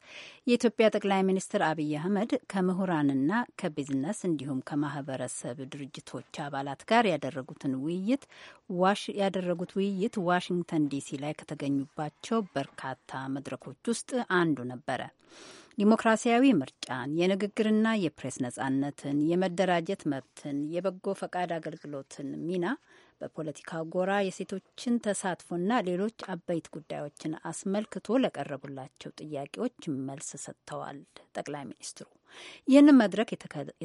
የኢትዮጵያ ጠቅላይ ሚኒስትር አብይ አህመድ ከምሁራንና ከቢዝነስ እንዲሁም ከማህበረሰብ ድርጅቶች አባላት ጋር ያደረጉትን ውይይት ዋሽ ያደረጉት ውይይት ዋሽንግተን ዲሲ ላይ ከተገኙባቸው በርካታ መድረኮች ውስጥ አንዱ ነበረ። ዲሞክራሲያዊ ምርጫን፣ የንግግርና የፕሬስ ነጻነትን፣ የመደራጀት መብትን፣ የበጎ ፈቃድ አገልግሎትን ሚና በፖለቲካ ጎራ የሴቶችን ተሳትፎና ሌሎች አበይት ጉዳዮችን አስመልክቶ ለቀረቡላቸው ጥያቄዎች መልስ ሰጥተዋል ጠቅላይ ሚኒስትሩ። ይህንን መድረክ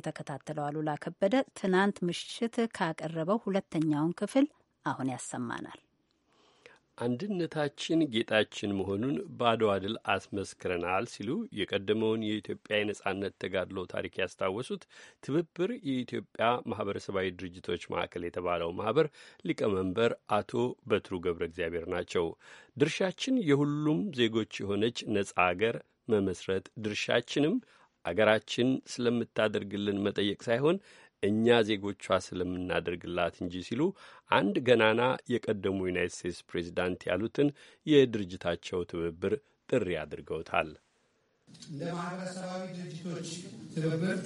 የተከታተለው አሉላ ከበደ ትናንት ምሽት ካቀረበው ሁለተኛውን ክፍል አሁን ያሰማናል። አንድነታችን ጌጣችን መሆኑን በአድዋ ድል አስመስክረናል ሲሉ የቀደመውን የኢትዮጵያ የነጻነት ተጋድሎ ታሪክ ያስታወሱት ትብብር የኢትዮጵያ ማህበረሰባዊ ድርጅቶች ማዕከል የተባለው ማህበር ሊቀመንበር አቶ በትሩ ገብረ እግዚአብሔር ናቸው። ድርሻችን የሁሉም ዜጎች የሆነች ነጻ አገር መመስረት ድርሻችንም አገራችን ስለምታደርግልን መጠየቅ ሳይሆን እኛ ዜጎቿ ስለምናደርግላት እንጂ ሲሉ አንድ ገናና የቀደሙ ዩናይት ስቴትስ ፕሬዚዳንት ያሉትን የድርጅታቸው ትብብር ጥሪ አድርገውታል። ለማህበረሰባዊ ድርጅቶች ትብብር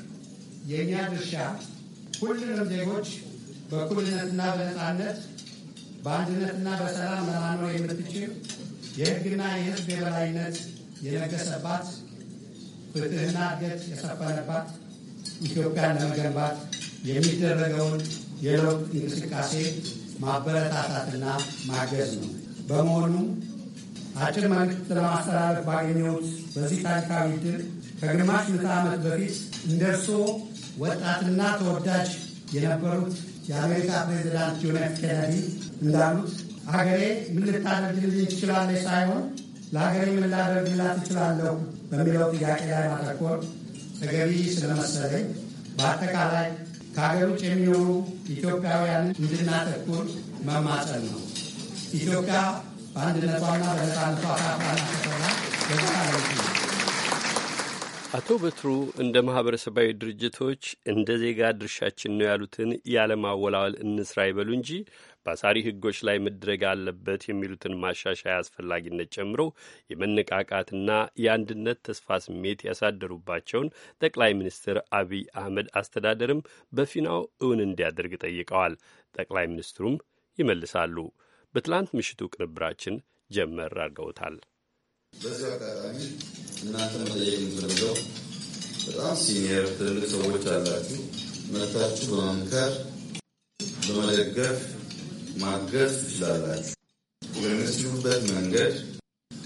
የእኛ ድርሻ ሁሉንም ዜጎች በእኩልነትና በነፃነት በአንድነትና በሰላም መኖር የምትችል የሕግና የሕዝብ የበላይነት የነገሰባት ፍትሕና እድገት የሰፈነባት ኢትዮጵያን ለመገንባት የሚደረገውን የለውጥ እንቅስቃሴ ማበረታታትና ማገዝ ነው። በመሆኑ አጭር መልዕክት ለማስተላለፍ ባገኘሁት በዚህ ታሪካዊ ድል ከግማሽ ምዕተ ዓመት በፊት እንደ ወጣትና ተወዳጅ የነበሩት የአሜሪካ ፕሬዚዳንት ጆን ኤፍ ኬነዲ እንዳሉት ሀገሬ ምን ልታደርግልኝ ትችላለች ሳይሆን ለሀገሬ ምን ላደርግላት እችላለሁ በሚለው ጥያቄ ላይ ማተኮር ተገቢ ስለመሰለኝ በአጠቃላይ ከሀገር ውጭ የሚኖሩ ኢትዮጵያውያን እንድናተኩር መማጸን ነው። ኢትዮጵያ በአንድነቷና በነጻነቷ ካፋና ተሰራ ነው። አቶ በትሩ እንደ ማህበረሰባዊ ድርጅቶች እንደ ዜጋ ድርሻችን ነው ያሉትን ያለማወላወል እንስራ ይበሉ እንጂ በአሳሪ ህጎች ላይ መድረግ አለበት የሚሉትን ማሻሻያ አስፈላጊነት ጨምሮ የመነቃቃትና የአንድነት ተስፋ ስሜት ያሳደሩባቸውን ጠቅላይ ሚኒስትር አቢይ አህመድ አስተዳደርም በፊናው እውን እንዲያደርግ ጠይቀዋል። ጠቅላይ ሚኒስትሩም ይመልሳሉ። በትላንት ምሽቱ ቅንብራችን ጀመር አድርገውታል። በዚህ አጋጣሚ እናንተ መጠየቅ የምትፈልገው በጣም ሲኒየር ትልልቅ ሰዎች አላችሁ መታችሁ በመምከር በመደገፍ ማገዝ ትችላላችሁ። በሚስሉበት መንገድ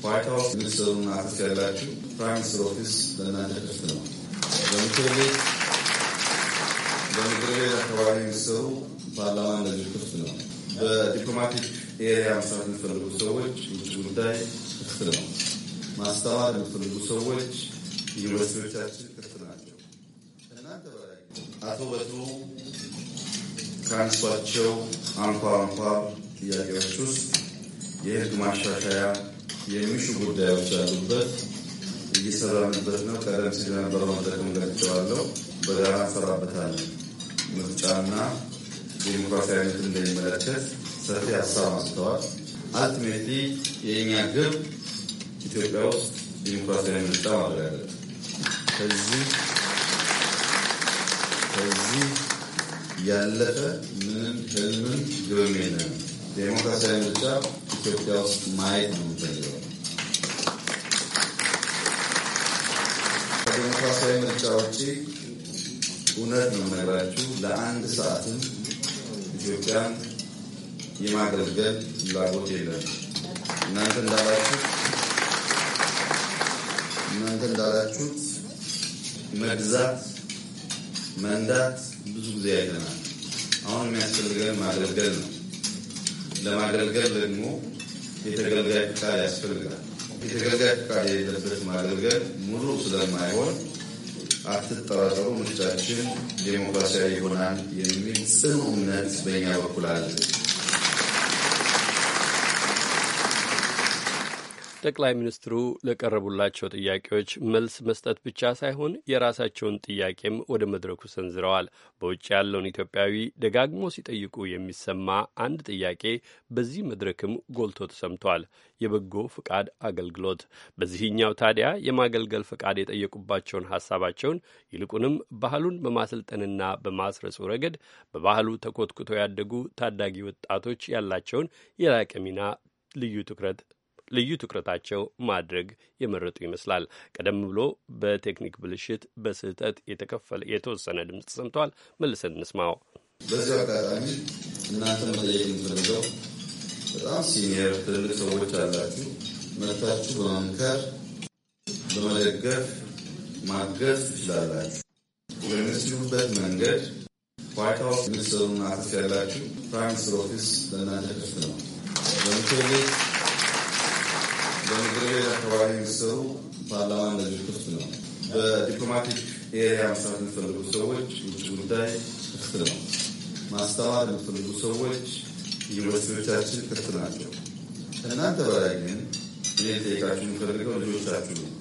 ዋይት ሀውስ ሚኒስትሩን አክስ ያላችሁ ፕራይም ሚኒስትር ኦፊስ ለእናንተ ክፍት ነው። በምክር ቤት በምክር ቤት አካባቢ ሚኒስትሩ ፓርላማ እንደዚህ ክፍት ነው። በዲፕሎማቲክ ኤሪያ መስራት የሚፈልጉ ሰዎች ውጭ ጉዳይ ክፍት ነው። ማስተማር የሚፈልጉ ሰዎች ዩኒቨርሲቲዎቻችን ክፍት ናቸው። እናንተ አቶ በቱ ካነሷቸው አንኳር አንኳር ጥያቄዎች ውስጥ የሕግ ማሻሻያ የሚሹ ጉዳዮች ያሉበት እየሰራንበት ነው። ቀደም ሲል የነበረው መጠቀም ገቸዋለው በጋራ እንሰራበታለን። ምርጫና ዴሞክራሲያዊነት እንደሚመለከት ሰፊ ሀሳብ አንስተዋል። አልቲሜትሊ የእኛ ግብ ኢትዮጵያ ውስጥ ዴሞክራሲያዊ ምርጫ ማድረግ ከዚህ ያለፈ ምንም ህልምም ግብም የለም። ዴሞክራሲያዊ ምርጫ ኢትዮጵያ ውስጥ ማየት ነው የምንፈልገው። ከዴሞክራሲያዊ ምርጫ ውጭ እውነት ነው የምነግራችሁ፣ ለአንድ ሰዓትም ኢትዮጵያን የማገልገል ፍላጎት የለም። እናንተ እንዳላችሁት እናንተ እንዳላችሁት መግዛት መንዳት ብዙ ጊዜ አይተናል። አሁን የሚያስፈልገን ማገልገል ነው። ለማገልገል ደግሞ የተገልጋይ ፍቃድ ያስፈልጋል። የተገልጋይ ፍቃድ የሌለበት ማገልገል ሙሉ ስለማይሆን አትጠራጠሩ፣ ምርጫችን ዴሞክራሲያዊ ይሆናል የሚል ጽኑ እምነት በእኛ በኩል አለ። ጠቅላይ ሚኒስትሩ ለቀረቡላቸው ጥያቄዎች መልስ መስጠት ብቻ ሳይሆን የራሳቸውን ጥያቄም ወደ መድረኩ ሰንዝረዋል። በውጭ ያለውን ኢትዮጵያዊ ደጋግሞ ሲጠይቁ የሚሰማ አንድ ጥያቄ በዚህ መድረክም ጎልቶ ተሰምቷል። የበጎ ፍቃድ አገልግሎት። በዚህኛው ታዲያ የማገልገል ፍቃድ የጠየቁባቸውን ሀሳባቸውን ይልቁንም ባህሉን በማሰልጠንና በማስረጹ ረገድ በባህሉ ተኮትኩተው ያደጉ ታዳጊ ወጣቶች ያላቸውን የላቀ ሚና ልዩ ትኩረት ልዩ ትኩረታቸው ማድረግ የመረጡ ይመስላል። ቀደም ብሎ በቴክኒክ ብልሽት በስህተት የተከፈለ የተወሰነ ድምፅ ተሰምተዋል። መልሰን እንስማው። በዚህ አጋጣሚ እናንተ መጠየቅ የምፈልገው በጣም ሲኒየር ትልልቅ ሰዎች አላችሁ። መታችሁ በመምከር በመደገፍ ማገዝ ትችላላችሁ። በምትችሉበት መንገድ ዋይት ሃውስ ሚኒስትሩን አክሰስ ያላችሁ ፕራይም ሚኒስትር ኦፊስ ለእናንተ ክፍት ነው። በምትልት በመድረገ አካባቢ የሚሰሩ ፓርላማ እንደዚህ ክፍት ነው። በዲፕሎማቲክ ኤሪያ መስራት የሚፈልጉ ሰዎች ውጭ ጉዳይ ክፍት ነው። ማስተማር የሚፈልጉ ሰዎች ዩኒቨርሲቲዎቻችን ክፍት ናቸው። እናንተ በላይ ግን እኔ ልጠይቃችሁ የሚፈልገው ልጆቻችሁ ነው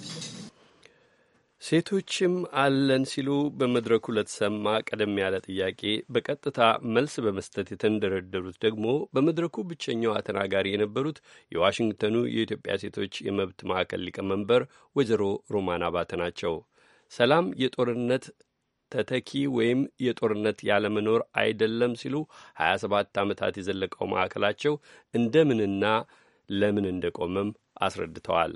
ሴቶችም አለን ሲሉ በመድረኩ ለተሰማ ቀደም ያለ ጥያቄ በቀጥታ መልስ በመስጠት የተንደረደሩት ደግሞ በመድረኩ ብቸኛዋ ተናጋሪ የነበሩት የዋሽንግተኑ የኢትዮጵያ ሴቶች የመብት ማዕከል ሊቀመንበር ወይዘሮ ሮማን አባተ ናቸው። ሰላም የጦርነት ተተኪ ወይም የጦርነት ያለመኖር አይደለም ሲሉ 27 ዓመታት የዘለቀው ማዕከላቸው እንደምንና ለምን እንደቆመም አስረድተዋል።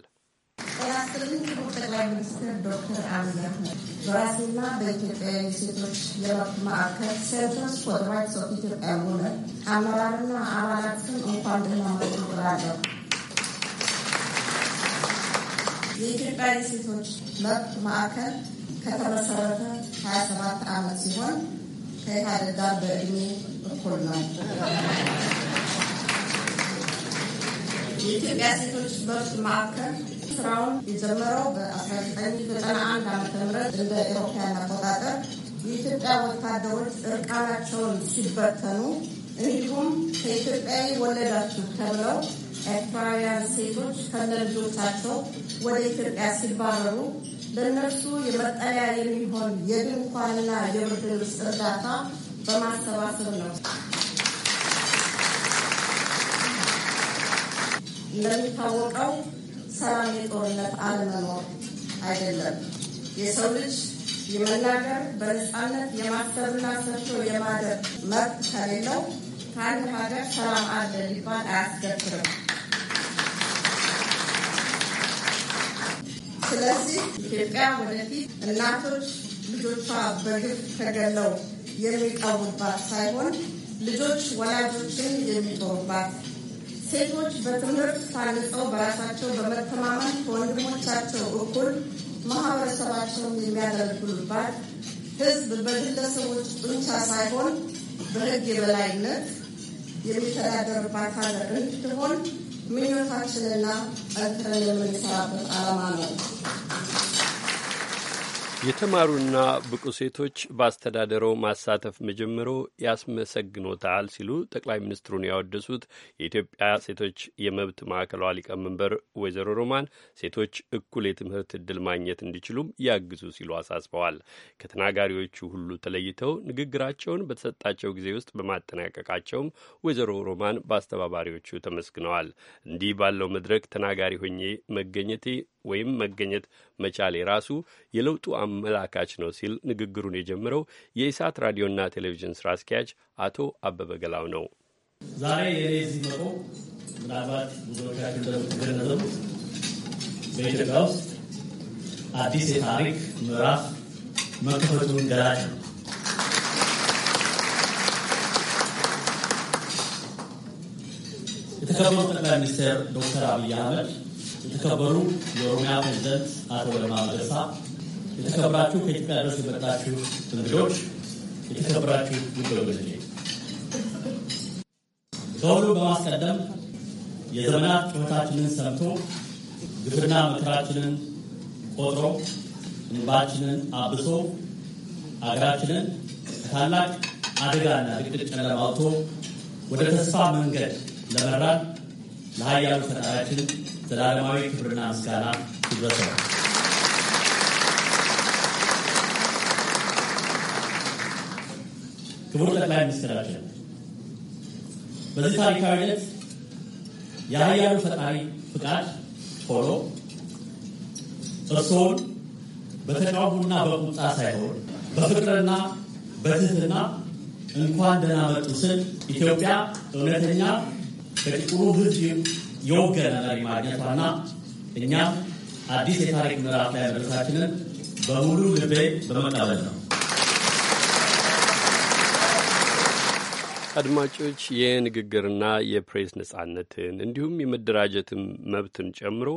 Minister Dr. Abiy Ahmed. Brazil በኢትዮጵያ የሴቶች የመብት ማዕከል ሴንተርስ ፎር ራይትስ ኦፍ ኢትዮጵያ ውመን አመራርና አባላትን እንኳን ደህና መጡ ብላለሁ። የኢትዮጵያ የሴቶች መብት ማዕከል ከተመሰረተ 27 ዓመት ሲሆን ከኢህአዴግ ጋር በእድሜ እኩል ነው። የኢትዮጵያ ሴቶች መብት ማዕከል ስራውን የጀመረው በ1991 ዓ ም እንደ ኤሮፓያን አቆጣጠር የኢትዮጵያ ወታደሮች እርቃናቸውን ሲበተኑ እንዲሁም ከኢትዮጵያዊ ወለዳችሁ ተብለው ኤርትራውያን ሴቶች ከነልጆቻቸው ወደ ኢትዮጵያ ሲባረሩ ለእነርሱ የመጠለያ የሚሆን የድንኳንና የብርድ ልብስ እርዳታ በማሰባሰብ ነው። እንደሚታወቀው ሰላም የጦርነት አለመኖር አይደለም። የሰው ልጅ የመናገር በነፃነት የማሰብና ሰርቶ የማደር መብት ከሌለው ከአንድ ሀገር ሰላም አለ ሊባል አያስገድርም። ስለዚህ ኢትዮጵያ ወደፊት እናቶች ልጆቿ በግፍ ተገለው የሚቀሩባት ሳይሆን ልጆች ወላጆችን የሚጦሩባት ሴቶች በትምህርት ታንጸው በራሳቸው በመተማመን ከወንድሞቻቸው እኩል ማህበረሰባቸውን የሚያገለግሉባት ህዝብ በግለሰቦች ጡንቻ ሳይሆን በህግ የበላይነት የሚተዳደርባት ሀገር እንድትሆን ምኞታችንና እንትረን የምንሰራበት ዓላማ ነው። የተማሩና ብቁ ሴቶች በአስተዳደረው ማሳተፍ መጀመሮ ያስመሰግኖታል ሲሉ ጠቅላይ ሚኒስትሩን ያወደሱት የኢትዮጵያ ሴቶች የመብት ማዕከሏ ሊቀመንበር ወይዘሮ ሮማን ሴቶች እኩል የትምህርት እድል ማግኘት እንዲችሉም ያግዙ ሲሉ አሳስበዋል። ከተናጋሪዎቹ ሁሉ ተለይተው ንግግራቸውን በተሰጣቸው ጊዜ ውስጥ በማጠናቀቃቸውም ወይዘሮ ሮማን በአስተባባሪዎቹ ተመስግነዋል። እንዲህ ባለው መድረክ ተናጋሪ ሆኜ መገኘቴ ወይም መገኘት መቻል የራሱ የለውጡ አመላካች ነው ሲል ንግግሩን የጀመረው የኢሳት ራዲዮና ቴሌቪዥን ስራ አስኪያጅ አቶ አበበ ገላው ነው። ዛሬ የኔ እዚህ መቆ ምናልባት ብዙዎቻችን እንደምትገነዘቡት በኢትዮጵያ ውስጥ አዲስ የታሪክ ምዕራፍ መከፈቱን ገላጭ ነው። የተከበሩ ጠቅላይ ሚኒስትር ዶክተር አብይ አህመድ የተከበሩ የኦሮሚያ ፕሬዚደንት አቶ ለማ መገርሳ፣ የተከበራችሁ ከኢትዮጵያ ድረስ የመጣችሁ እንግዶች፣ የተከበራችሁ ውድ ከሁሉ በማስቀደም የዘመናት ጩኸታችንን ሰምቶ ግፍና ምክራችንን ቆጥሮ እንባችንን አብሶ አገራችንን ከታላቅ አደጋና ድቅድቅ ጨለማ አውጥቶ ወደ ተስፋ መንገድ ለመራን ለሀያሉ ፈጣሪያችን ዘላለማዊ ክብርና ምስጋና ይድረሰው። ክቡር ጠቅላይ ሚኒስትራችን በዚህ ታሪካዊ ዕለት የሀያሉ ፈጣሪ ፍቃድ ሆኖ እርስዎን በተቃውሞና በቁጣ ሳይሆን በፍቅርና በትህትና እንኳን ደህና መጡ ስል ኢትዮጵያ እውነተኛ ከጥቁሩ ሕዝብ የወገነ መሪ ማግኘቷና እኛም አዲስ የታሪክ ምዕራፍ ላይ መድረሳችንን በሙሉ ልቤ በመቀበል ነው። አድማጮች የንግግርና የፕሬስ ነጻነትን እንዲሁም የመደራጀትን መብትን ጨምሮ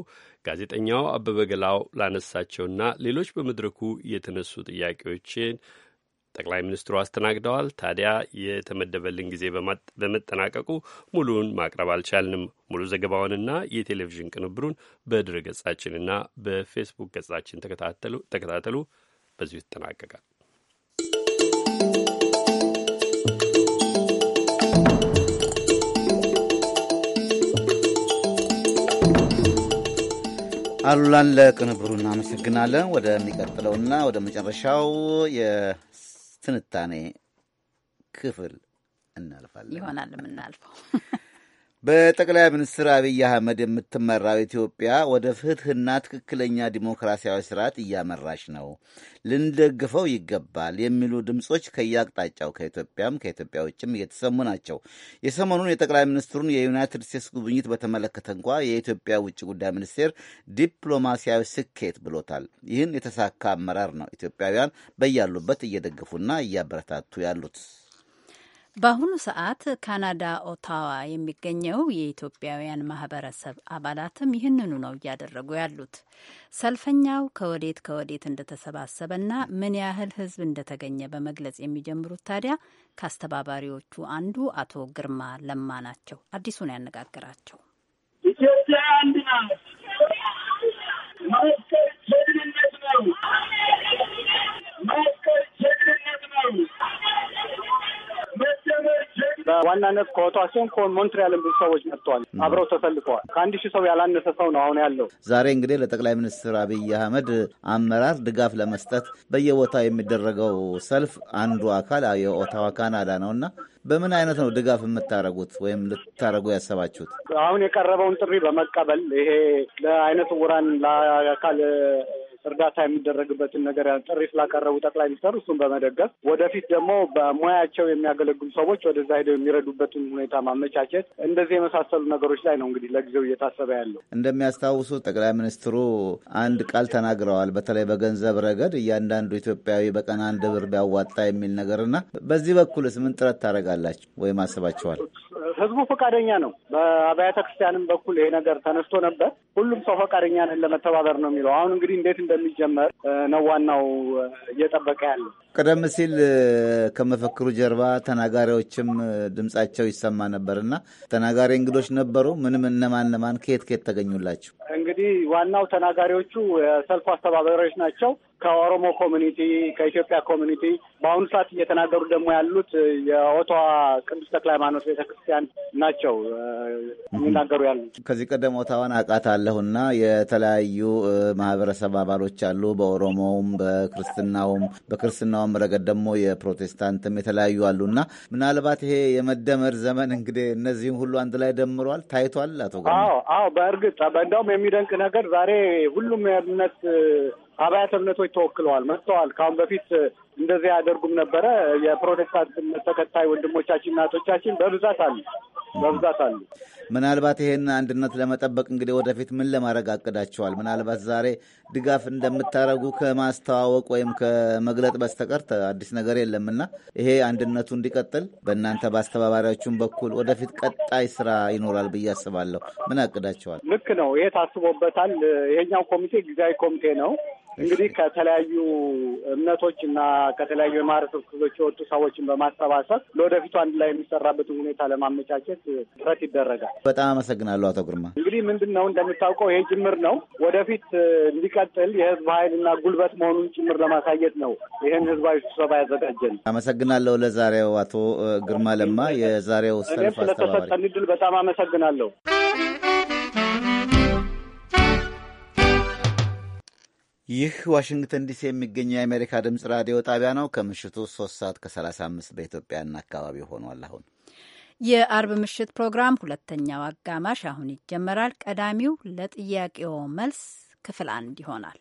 ጋዜጠኛው አበበ ገላው ላነሳቸውና ሌሎች በመድረኩ የተነሱ ጥያቄዎችን ጠቅላይ ሚኒስትሩ አስተናግደዋል። ታዲያ የተመደበልን ጊዜ በመጠናቀቁ ሙሉውን ማቅረብ አልቻልንም። ሙሉ ዘገባውንና የቴሌቪዥን ቅንብሩን በድረ ገጻችንና በፌስቡክ ገጻችን ተከታተሉ። በዚሁ ይጠናቀቃል። አሉላን ለቅንብሩ እናመሰግናለን። ወደሚቀጥለውና ወደ መጨረሻው ትንታኔ ክፍል እናልፋለን ይሆናል የምናልፈው። በጠቅላይ ሚኒስትር አብይ አህመድ የምትመራው ኢትዮጵያ ወደ ፍትህና ትክክለኛ ዲሞክራሲያዊ ስርዓት እያመራች ነው፣ ልንደግፈው ይገባል የሚሉ ድምፆች ከየአቅጣጫው ከኢትዮጵያም ከኢትዮጵያ ውጭም እየተሰሙ ናቸው። የሰሞኑን የጠቅላይ ሚኒስትሩን የዩናይትድ ስቴትስ ጉብኝት በተመለከተ እንኳ የኢትዮጵያ ውጭ ጉዳይ ሚኒስቴር ዲፕሎማሲያዊ ስኬት ብሎታል። ይህን የተሳካ አመራር ነው ኢትዮጵያውያን በያሉበት እየደገፉና እያበረታቱ ያሉት። በአሁኑ ሰዓት ካናዳ ኦታዋ የሚገኘው የኢትዮጵያውያን ማህበረሰብ አባላትም ይህንኑ ነው እያደረጉ ያሉት። ሰልፈኛው ከወዴት ከወዴት እንደተሰባሰበና ምን ያህል ሕዝብ እንደተገኘ በመግለጽ የሚጀምሩት ታዲያ ከአስተባባሪዎቹ አንዱ አቶ ግርማ ለማ ናቸው። አዲሱን ያነጋግራቸው ኢትዮጵያ አንድ ናት። በዋናነት ሲሆን ከሞንትሪያልን ብዙ ሰዎች መጥተዋል። አብረው ተሰልፈዋል። ከአንድ ሺህ ሰው ያላነሰ ሰው ነው አሁን ያለው። ዛሬ እንግዲህ ለጠቅላይ ሚኒስትር አብይ አህመድ አመራር ድጋፍ ለመስጠት በየቦታው የሚደረገው ሰልፍ አንዱ አካል የኦታዋ ካናዳ ነው እና በምን አይነት ነው ድጋፍ የምታደርጉት ወይም ልታደረጉ ያሰባችሁት? አሁን የቀረበውን ጥሪ በመቀበል ይሄ ለአይነት ውራን ለአካል እርዳታ የሚደረግበትን ነገር ጥሪ ስላቀረቡ ጠቅላይ ሚኒስትሩ እሱን በመደገፍ ወደፊት ደግሞ በሙያቸው የሚያገለግሉ ሰዎች ወደዛ ሄደው የሚረዱበትን ሁኔታ ማመቻቸት እንደዚህ የመሳሰሉ ነገሮች ላይ ነው እንግዲህ ለጊዜው እየታሰበ ያለው። እንደሚያስታውሱ ጠቅላይ ሚኒስትሩ አንድ ቃል ተናግረዋል። በተለይ በገንዘብ ረገድ እያንዳንዱ ኢትዮጵያዊ በቀን አንድ ብር ቢያዋጣ የሚል ነገር በዚህ በኩልስ ምን ጥረት ታደርጋላችሁ ወይም አስባችኋል? ህዝቡ ፈቃደኛ ነው። በአብያተ ክርስቲያንም በኩል ይሄ ነገር ተነስቶ ነበር። ሁሉም ሰው ፈቃደኛ ነን ለመተባበር ነው የሚለው። አሁን እንግዲህ እንዴት እንደ እንደሚጀመር ነው ዋናው እየጠበቀ ያለው። ቀደም ሲል ከመፈክሩ ጀርባ ተናጋሪዎችም ድምጻቸው ይሰማ ነበር እና ተናጋሪ እንግዶች ነበሩ። ምንም እነማን ነማን ከየት ከየት ተገኙላችሁ? እንግዲህ ዋናው ተናጋሪዎቹ የሰልፉ አስተባባሪዎች ናቸው። ከኦሮሞ ኮሚኒቲ፣ ከኢትዮጵያ ኮሚኒቲ በአሁኑ ሰዓት እየተናገሩ ደግሞ ያሉት የኦቶዋ ቅዱስ ተክለ ሃይማኖት ቤተክርስቲያን ናቸው የሚናገሩ ያሉት። ከዚህ ቀደም ኦታዋን አውቃታለሁና የተለያዩ ማህበረሰብ አባሎች አሉ። በኦሮሞውም፣ በክርስትናውም በክርስትናውም ረገድ ደግሞ የፕሮቴስታንትም የተለያዩ አሉና ምናልባት ይሄ የመደመር ዘመን እንግዲህ እነዚህም ሁሉ አንድ ላይ ደምሯል ታይቷል። አቶ አዎ፣ አዎ፣ በእርግጥ እንደውም የሚደንቅ ነገር ዛሬ ሁሉም የእምነት አብያተ እምነቶች ተወክለዋል መጥተዋል። ከአሁን በፊት እንደዚህ ያደርጉም ነበረ። የፕሮቴስታንት ተከታይ ወንድሞቻችን እናቶቻችን በብዛት አሉ በብዛት አሉ። ምናልባት ይሄን አንድነት ለመጠበቅ እንግዲህ ወደፊት ምን ለማድረግ አቅዳቸዋል? ምናልባት ዛሬ ድጋፍ እንደምታደርጉ ከማስተዋወቅ ወይም ከመግለጥ በስተቀር አዲስ ነገር የለምና ይሄ አንድነቱ እንዲቀጥል በእናንተ በአስተባባሪያችሁም በኩል ወደፊት ቀጣይ ስራ ይኖራል ብዬ አስባለሁ። ምን አቅዳቸዋል? ልክ ነው። ይሄ ታስቦበታል። ይሄኛው ኮሚቴ ጊዜያዊ ኮሚቴ ነው። እንግዲህ ከተለያዩ እምነቶች እና ከተለያዩ የማህበረሰብ ክፍሎች የወጡ ሰዎችን በማሰባሰብ ለወደፊቱ አንድ ላይ የሚሰራበትን ሁኔታ ለማመቻቸት ጥረት ይደረጋል። በጣም አመሰግናለሁ አቶ ግርማ። እንግዲህ ምንድን ነው እንደምታውቀው ይሄ ጅምር ነው። ወደፊት እንዲቀጥል የህዝብ ኃይልና ጉልበት መሆኑን ጭምር ለማሳየት ነው ይህን ህዝባዊ ስብሰባ ያዘጋጀን። አመሰግናለሁ ለዛሬው አቶ ግርማ ለማ የዛሬው ሰልፍ ስለተሰጠን በጣም አመሰግናለሁ። ይህ ዋሽንግተን ዲሲ የሚገኘው የአሜሪካ ድምፅ ራዲዮ ጣቢያ ነው። ከምሽቱ 3 ሰዓት ከ35 በኢትዮጵያና አካባቢ ሆኗል። አሁን የአርብ ምሽት ፕሮግራም ሁለተኛው አጋማሽ አሁን ይጀመራል። ቀዳሚው ለጥያቄው መልስ ክፍል አንድ ይሆናል።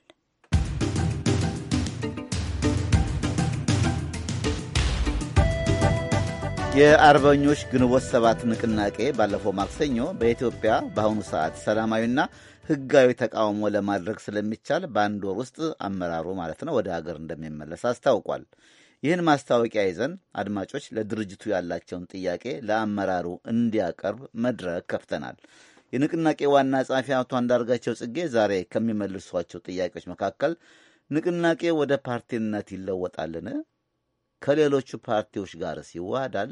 የአርበኞች ግንቦት ሰባት ንቅናቄ ባለፈው ማክሰኞ በኢትዮጵያ በአሁኑ ሰዓት ሰላማዊና ህጋዊ ተቃውሞ ለማድረግ ስለሚቻል በአንድ ወር ውስጥ አመራሩ ማለት ነው ወደ ሀገር እንደሚመለስ አስታውቋል። ይህን ማስታወቂያ ይዘን አድማጮች ለድርጅቱ ያላቸውን ጥያቄ ለአመራሩ እንዲያቀርብ መድረክ ከፍተናል። የንቅናቄ ዋና ጸሐፊ አቶ አንዳርጋቸው ጽጌ ዛሬ ከሚመልሷቸው ጥያቄዎች መካከል ንቅናቄ ወደ ፓርቲነት ይለወጣልን? ከሌሎቹ ፓርቲዎች ጋርስ ይዋሃዳል?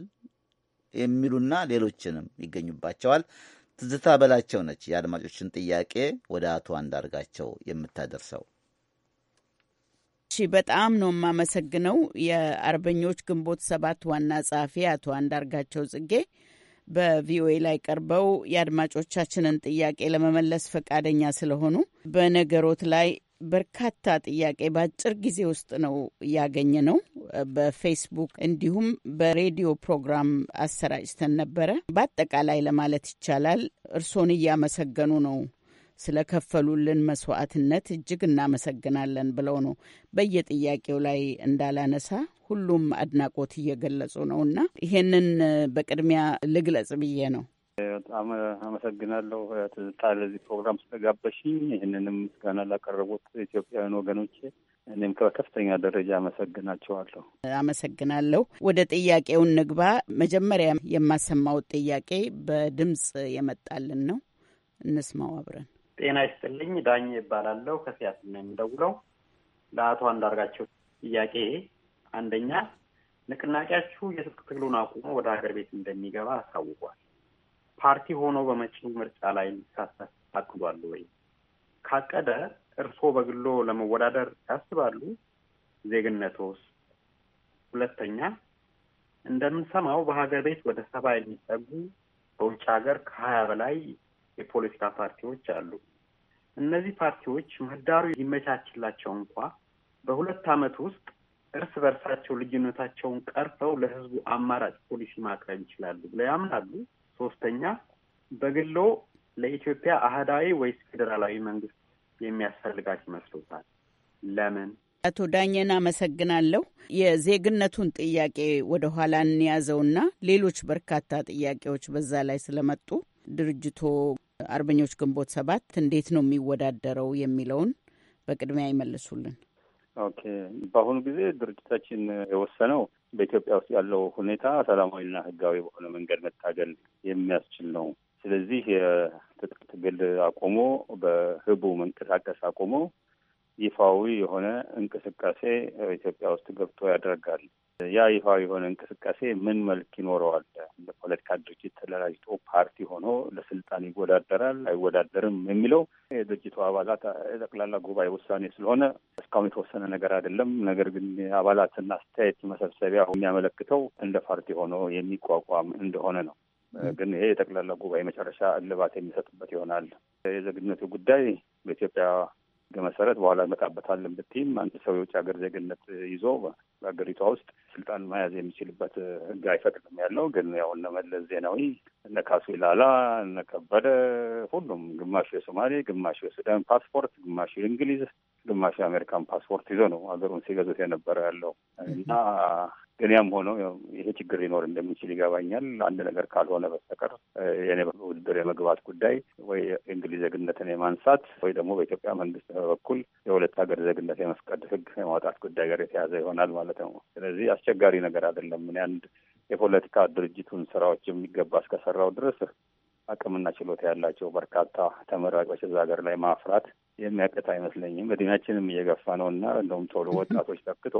የሚሉና ሌሎችንም ይገኙባቸዋል። ትዝታ በላቸው ነች የአድማጮችን ጥያቄ ወደ አቶ አንዳርጋቸው የምታደርሰው። እሺ በጣም ነው የማመሰግነው የአርበኞች ግንቦት ሰባት ዋና ጸሐፊ አቶ አንዳርጋቸው ጽጌ በቪኦኤ ላይ ቀርበው የአድማጮቻችንን ጥያቄ ለመመለስ ፈቃደኛ ስለሆኑ በነገሮት ላይ በርካታ ጥያቄ በአጭር ጊዜ ውስጥ ነው ያገኘ ነው። በፌስቡክ እንዲሁም በሬዲዮ ፕሮግራም አሰራጭተን ነበረ። በአጠቃላይ ለማለት ይቻላል እርሶን እያመሰገኑ ነው ስለከፈሉልን መስዋዕትነት እጅግ እናመሰግናለን ብለው ነው። በየጥያቄው ላይ እንዳላነሳ ሁሉም አድናቆት እየገለጹ ነውና ይሄንን በቅድሚያ ልግለጽ ብዬ ነው። በጣም አመሰግናለሁ ትዝታ ለዚህ ፕሮግራም ስለጋበሽኝ። ይህንንም ምስጋና ላቀረቡት ኢትዮጵያውያን ወገኖቼ እኔም ከከፍተኛ ደረጃ አመሰግናቸዋለሁ። አመሰግናለሁ። ወደ ጥያቄውን ንግባ። መጀመሪያ የማሰማው ጥያቄ በድምፅ የመጣልን ነው፣ እንስማው አብረን። ጤና ይስጥልኝ፣ ዳኝ ይባላለሁ። ከሲያትል ነው የምደውለው። ለአቶ አንዳርጋቸው ጥያቄ አንደኛ፣ ንቅናቄያችሁ የትጥቅ ትግሉን አቁሞ ወደ ሀገር ቤት እንደሚገባ አሳውቋል። ፓርቲ ሆኖ በመጪው ምርጫ ላይ እንዲሳተፍ አቅዷል ወይ? ካቀደ እርስዎ በግሎ ለመወዳደር ያስባሉ? ዜግነቶስ? ሁለተኛ እንደምንሰማው በሀገር ቤት ወደ ሰባ የሚጠጉ በውጭ ሀገር ከሀያ በላይ የፖለቲካ ፓርቲዎች አሉ። እነዚህ ፓርቲዎች ምህዳሩ ይመቻችላቸው እንኳ በሁለት ዓመት ውስጥ እርስ በርሳቸው ልዩነታቸውን ቀርፈው ለህዝቡ አማራጭ ፖሊሲ ማቅረብ ይችላሉ ብለው ያምናሉ? ሶስተኛ በግሎ ለኢትዮጵያ አህዳዊ ወይስ ፌዴራላዊ መንግስት የሚያስፈልጋት ይመስሎታል? ለምን? አቶ ዳኘን አመሰግናለሁ። የዜግነቱን ጥያቄ ወደ ኋላ እንያዘውና ሌሎች በርካታ ጥያቄዎች በዛ ላይ ስለመጡ ድርጅቶ አርበኞች ግንቦት ሰባት እንዴት ነው የሚወዳደረው የሚለውን በቅድሚያ ይመልሱልን። ኦኬ። በአሁኑ ጊዜ ድርጅታችን የወሰነው በኢትዮጵያ ውስጥ ያለው ሁኔታ ሰላማዊና ህጋዊ በሆነ መንገድ መታገል የሚያስችል ነው። ስለዚህ የትጥቅ ትግል አቆሞ በህቡ መንቀሳቀስ አቆሞ ይፋዊ የሆነ እንቅስቃሴ ኢትዮጵያ ውስጥ ገብቶ ያደርጋል። ያ ይፋ የሆነ እንቅስቃሴ ምን መልክ ይኖረዋል? እንደ ፖለቲካ ድርጅት ተደራጅቶ ፓርቲ ሆኖ ለስልጣን ይወዳደራል አይወዳደርም የሚለው የድርጅቱ አባላት ጠቅላላ ጉባኤ ውሳኔ ስለሆነ እስካሁን የተወሰነ ነገር አይደለም። ነገር ግን የአባላትና አስተያየት መሰብሰቢያ የሚያመለክተው እንደ ፓርቲ ሆኖ የሚቋቋም እንደሆነ ነው። ግን ይሄ የጠቅላላ ጉባኤ መጨረሻ እልባት የሚሰጥበት ይሆናል። የዜግነቱ ጉዳይ በኢትዮጵያ በህግ መሰረት በኋላ እመጣበታለን ብትይም አንድ ሰው የውጭ ሀገር ዜግነት ይዞ በሀገሪቷ ውስጥ ስልጣን መያዝ የሚችልበት ህግ አይፈቅድም ያለው። ግን ያው እነ መለስ ዜናዊ፣ እነ ካሱ እነከበደ እነ ከበደ ሁሉም ግማሹ የሶማሌ ግማሹ የሱዳን ፓስፖርት፣ ግማሹ የእንግሊዝ፣ ግማሹ የአሜሪካን ፓስፖርት ይዞ ነው ሀገሩን ሲገዙት የነበረ ያለው እና ግን ያም ሆኖ ይሄ ችግር ሊኖር እንደሚችል ይገባኛል። አንድ ነገር ካልሆነ በስተቀር የኔ ውድድር የመግባት ጉዳይ ወይ እንግሊዝ ዜግነትን የማንሳት ወይ ደግሞ በኢትዮጵያ መንግስት በበኩል የሁለት ሀገር ዜግነት የመስቀድ ህግ የማውጣት ጉዳይ ጋር የተያዘ ይሆናል ማለት ነው። ስለዚህ አስቸጋሪ ነገር አይደለም። እኔ አንድ የፖለቲካ ድርጅቱን ስራዎች የሚገባ እስከሰራው ድረስ አቅምና ችሎታ ያላቸው በርካታ ተመራቂዎች እዛ ሀገር ላይ ማፍራት የሚያቀት አይመስለኝም። እድሜያችንም እየገፋ ነው እና እንደውም ቶሎ ወጣቶች ተክቶ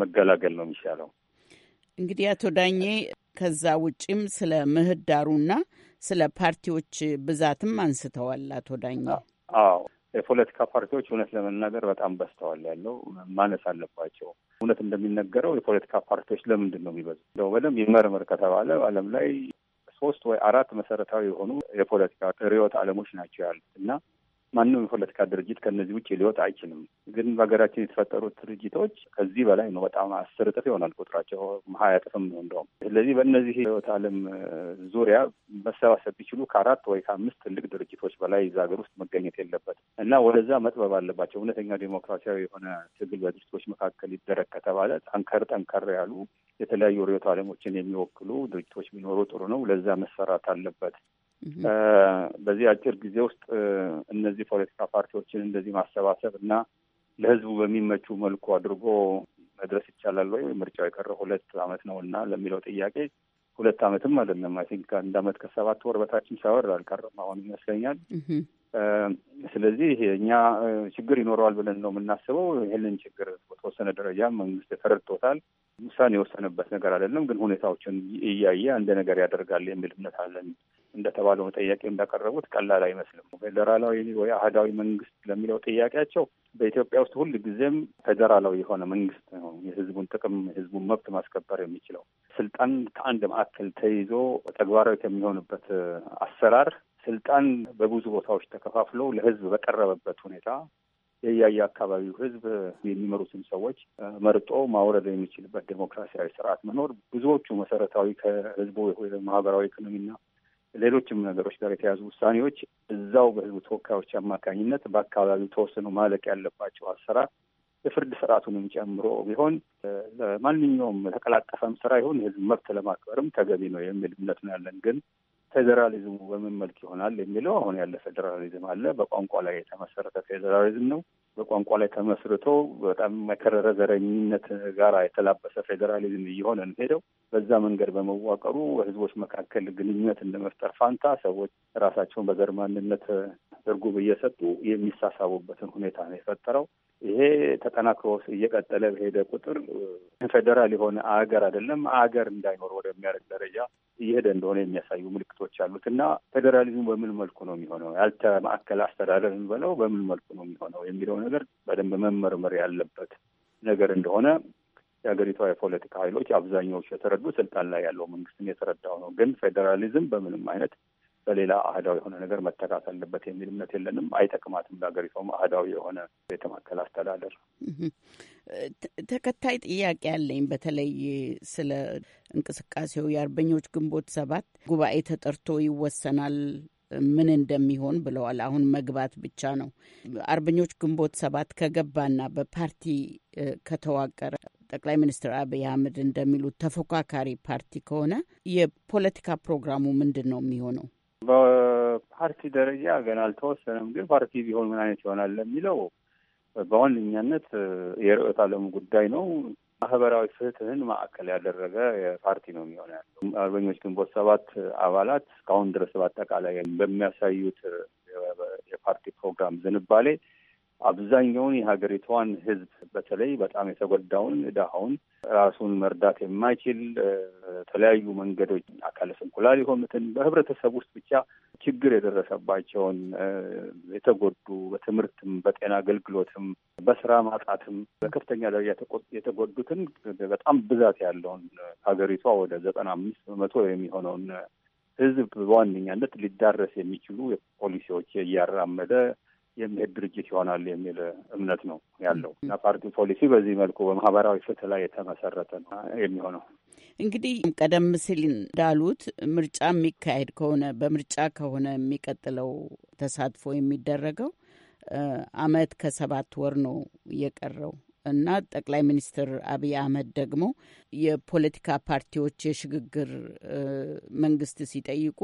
መገላገል ነው የሚሻለው። እንግዲህ አቶ ዳኜ ከዛ ውጭም ስለ ምህዳሩና ስለ ፓርቲዎች ብዛትም አንስተዋል። አቶ ዳኜ አዎ የፖለቲካ ፓርቲዎች እውነት ለመናገር በጣም በዝተዋል። ያለው ማነስ አለባቸው። እውነት እንደሚነገረው የፖለቲካ ፓርቲዎች ለምንድን ነው የሚበዙ? በደንብ ይመርምር ከተባለ ዓለም ላይ ሶስት ወይ አራት መሰረታዊ የሆኑ የፖለቲካ ርዕዮተ ዓለሞች ናቸው ያሉት እና ማንም የፖለቲካ ድርጅት ከነዚህ ውጭ ሊወጣ አይችልም። ግን በሀገራችን የተፈጠሩት ድርጅቶች ከዚህ በላይ ነው። በጣም አስር እጥፍ ይሆናል ቁጥራቸው፣ ሀያ እጥፍም ነው እንደውም። ስለዚህ በእነዚህ ህይወት አለም ዙሪያ መሰባሰብ ቢችሉ ከአራት ወይ ከአምስት ትልቅ ድርጅቶች በላይ እዛ ሀገር ውስጥ መገኘት የለበትም እና ወደዛ መጥበብ አለባቸው። እውነተኛ ዴሞክራሲያዊ የሆነ ትግል በድርጅቶች መካከል ይደረግ ከተባለ ጠንከር ጠንከር ያሉ የተለያዩ ርዕዮተ ዓለሞችን የሚወክሉ ድርጅቶች ቢኖሩ ጥሩ ነው። ለዛ መሰራት አለበት። በዚህ አጭር ጊዜ ውስጥ እነዚህ ፖለቲካ ፓርቲዎችን እንደዚህ ማሰባሰብ እና ለህዝቡ በሚመቹ መልኩ አድርጎ መድረስ ይቻላል ወይ? ምርጫው የቀረ ሁለት አመት ነው እና ለሚለው ጥያቄ ሁለት አመትም አይደለም አይ ቲንክ አንድ አመት ከሰባት ወር በታችም ሳይወር አልቀረም አሁን ይመስለኛል። ስለዚህ እኛ ችግር ይኖረዋል ብለን ነው የምናስበው። ይህንን ችግር በተወሰነ ደረጃ መንግስት ተረድቶታል። ውሳኔ የወሰነበት ነገር አይደለም፣ ግን ሁኔታዎችን እያየ አንድ ነገር ያደርጋል የሚል እምነት አለን። እንደተባለው ጥያቄ እንዳቀረቡት ቀላል አይመስልም። ፌዴራላዊ ወይ አህዳዊ መንግስት ለሚለው ጥያቄያቸው በኢትዮጵያ ውስጥ ሁል ጊዜም ፌዴራላዊ የሆነ መንግስት ነው የህዝቡን ጥቅም የህዝቡን መብት ማስከበር የሚችለው ስልጣን ከአንድ ማዕከል ተይዞ ተግባራዊ ከሚሆንበት አሰራር ስልጣን በብዙ ቦታዎች ተከፋፍሎ ለህዝብ በቀረበበት ሁኔታ የያየ አካባቢው ህዝብ የሚመሩትን ሰዎች መርጦ ማውረድ የሚችልበት ዴሞክራሲያዊ ስርዓት መኖር ብዙዎቹ መሰረታዊ ከህዝቡ ማህበራዊ፣ ኢኮኖሚና ሌሎችም ነገሮች ጋር የተያዙ ውሳኔዎች እዛው በህዝቡ ተወካዮች አማካኝነት በአካባቢው ተወስኖ ማለቅ ያለባቸው አሰራር የፍርድ ስርዓቱንም ጨምሮ ቢሆን ለማንኛውም ተቀላጠፈም ስራ ይሁን የህዝብ መብት ለማክበርም ተገቢ ነው የሚል እምነት ነው ያለን ግን ፌዴራሊዝሙ በምን መልክ ይሆናል የሚለው አሁን ያለ ፌዴራሊዝም አለ። በቋንቋ ላይ የተመሰረተ ፌዴራሊዝም ነው። በቋንቋ ላይ ተመስርቶ በጣም መከረረ ዘረኝነት ጋር የተላበሰ ፌዴራሊዝም እየሆነ ሄደው። በዛ መንገድ በመዋቀሩ ህዝቦች መካከል ግንኙነት እንደመፍጠር ፋንታ ሰዎች ራሳቸውን በዘር ማንነት ትርጉም እየሰጡ የሚሳሳቡበትን ሁኔታ ነው የፈጠረው። ይሄ ተጠናክሮ እየቀጠለ በሄደ ቁጥር ፌዴራል የሆነ አገር አይደለም አገር እንዳይኖር ወደሚያደርግ ደረጃ እየሄደ እንደሆነ የሚያሳዩ ምልክቶች አሉት እና ፌዴራሊዝሙ በምን መልኩ ነው የሚሆነው? ያልተማከለ አስተዳደር ብለው በምን መልኩ ነው የሚሆነው የሚለው ነገር በደንብ መመርመር ያለበት ነገር እንደሆነ የሀገሪቷ የፖለቲካ ኃይሎች አብዛኛዎቹ የተረዱ ስልጣን ላይ ያለው መንግስትን የተረዳው ነው። ግን ፌዴራሊዝም በምንም አይነት በሌላ አህዳዊ የሆነ ነገር መተካት አለበት የሚል እምነት የለንም። አይጠቅማትም ለሀገሪቷም አህዳዊ የሆነ የተማከለ አስተዳደር። ተከታይ ጥያቄ አለኝ። በተለይ ስለ እንቅስቃሴው የአርበኞች ግንቦት ሰባት ጉባኤ ተጠርቶ ይወሰናል ምን እንደሚሆን ብለዋል። አሁን መግባት ብቻ ነው። አርበኞች ግንቦት ሰባት ከገባና በፓርቲ ከተዋቀረ ጠቅላይ ሚኒስትር አብይ አህመድ እንደሚሉት ተፎካካሪ ፓርቲ ከሆነ የፖለቲካ ፕሮግራሙ ምንድን ነው የሚሆነው? በፓርቲ ደረጃ ገና አልተወሰነም። ግን ፓርቲ ቢሆን ምን አይነት ይሆናል ለሚለው በዋነኛነት የርዕዮተ አለም ጉዳይ ነው። ማህበራዊ ፍትህን ማዕከል ያደረገ ፓርቲ ነው የሚሆነ ያለው። አርበኞች ግንቦት ሰባት አባላት እስካሁን ድረስ በአጠቃላይ በሚያሳዩት የፓርቲ ፕሮግራም ዝንባሌ አብዛኛውን የሀገሪቷን ህዝብ በተለይ በጣም የተጎዳውን ድሃውን ራሱን መርዳት የማይችል የተለያዩ መንገዶች አካለ ስንኩላ ሊሆኑትን በህብረተሰብ ውስጥ ብቻ ችግር የደረሰባቸውን የተጎዱ በትምህርትም፣ በጤና አገልግሎትም፣ በስራ ማጣትም በከፍተኛ ደረጃ የተጎዱትን በጣም ብዛት ያለውን ሀገሪቷ ወደ ዘጠና አምስት በመቶ የሚሆነውን ህዝብ በዋነኛነት ሊዳረስ የሚችሉ ፖሊሲዎች እያራመደ የሚሄድ ድርጅት ይሆናል የሚል እምነት ነው ያለው እና ፓርቲ ፖሊሲ በዚህ መልኩ በማህበራዊ ፍትህ ላይ የተመሰረተ ነው የሚሆነው። እንግዲህ ቀደም ሲል እንዳሉት ምርጫ የሚካሄድ ከሆነ በምርጫ ከሆነ የሚቀጥለው ተሳትፎ የሚደረገው አመት ከሰባት ወር ነው የቀረው እና ጠቅላይ ሚኒስትር አብይ አህመድ ደግሞ የፖለቲካ ፓርቲዎች የሽግግር መንግስት ሲጠይቁ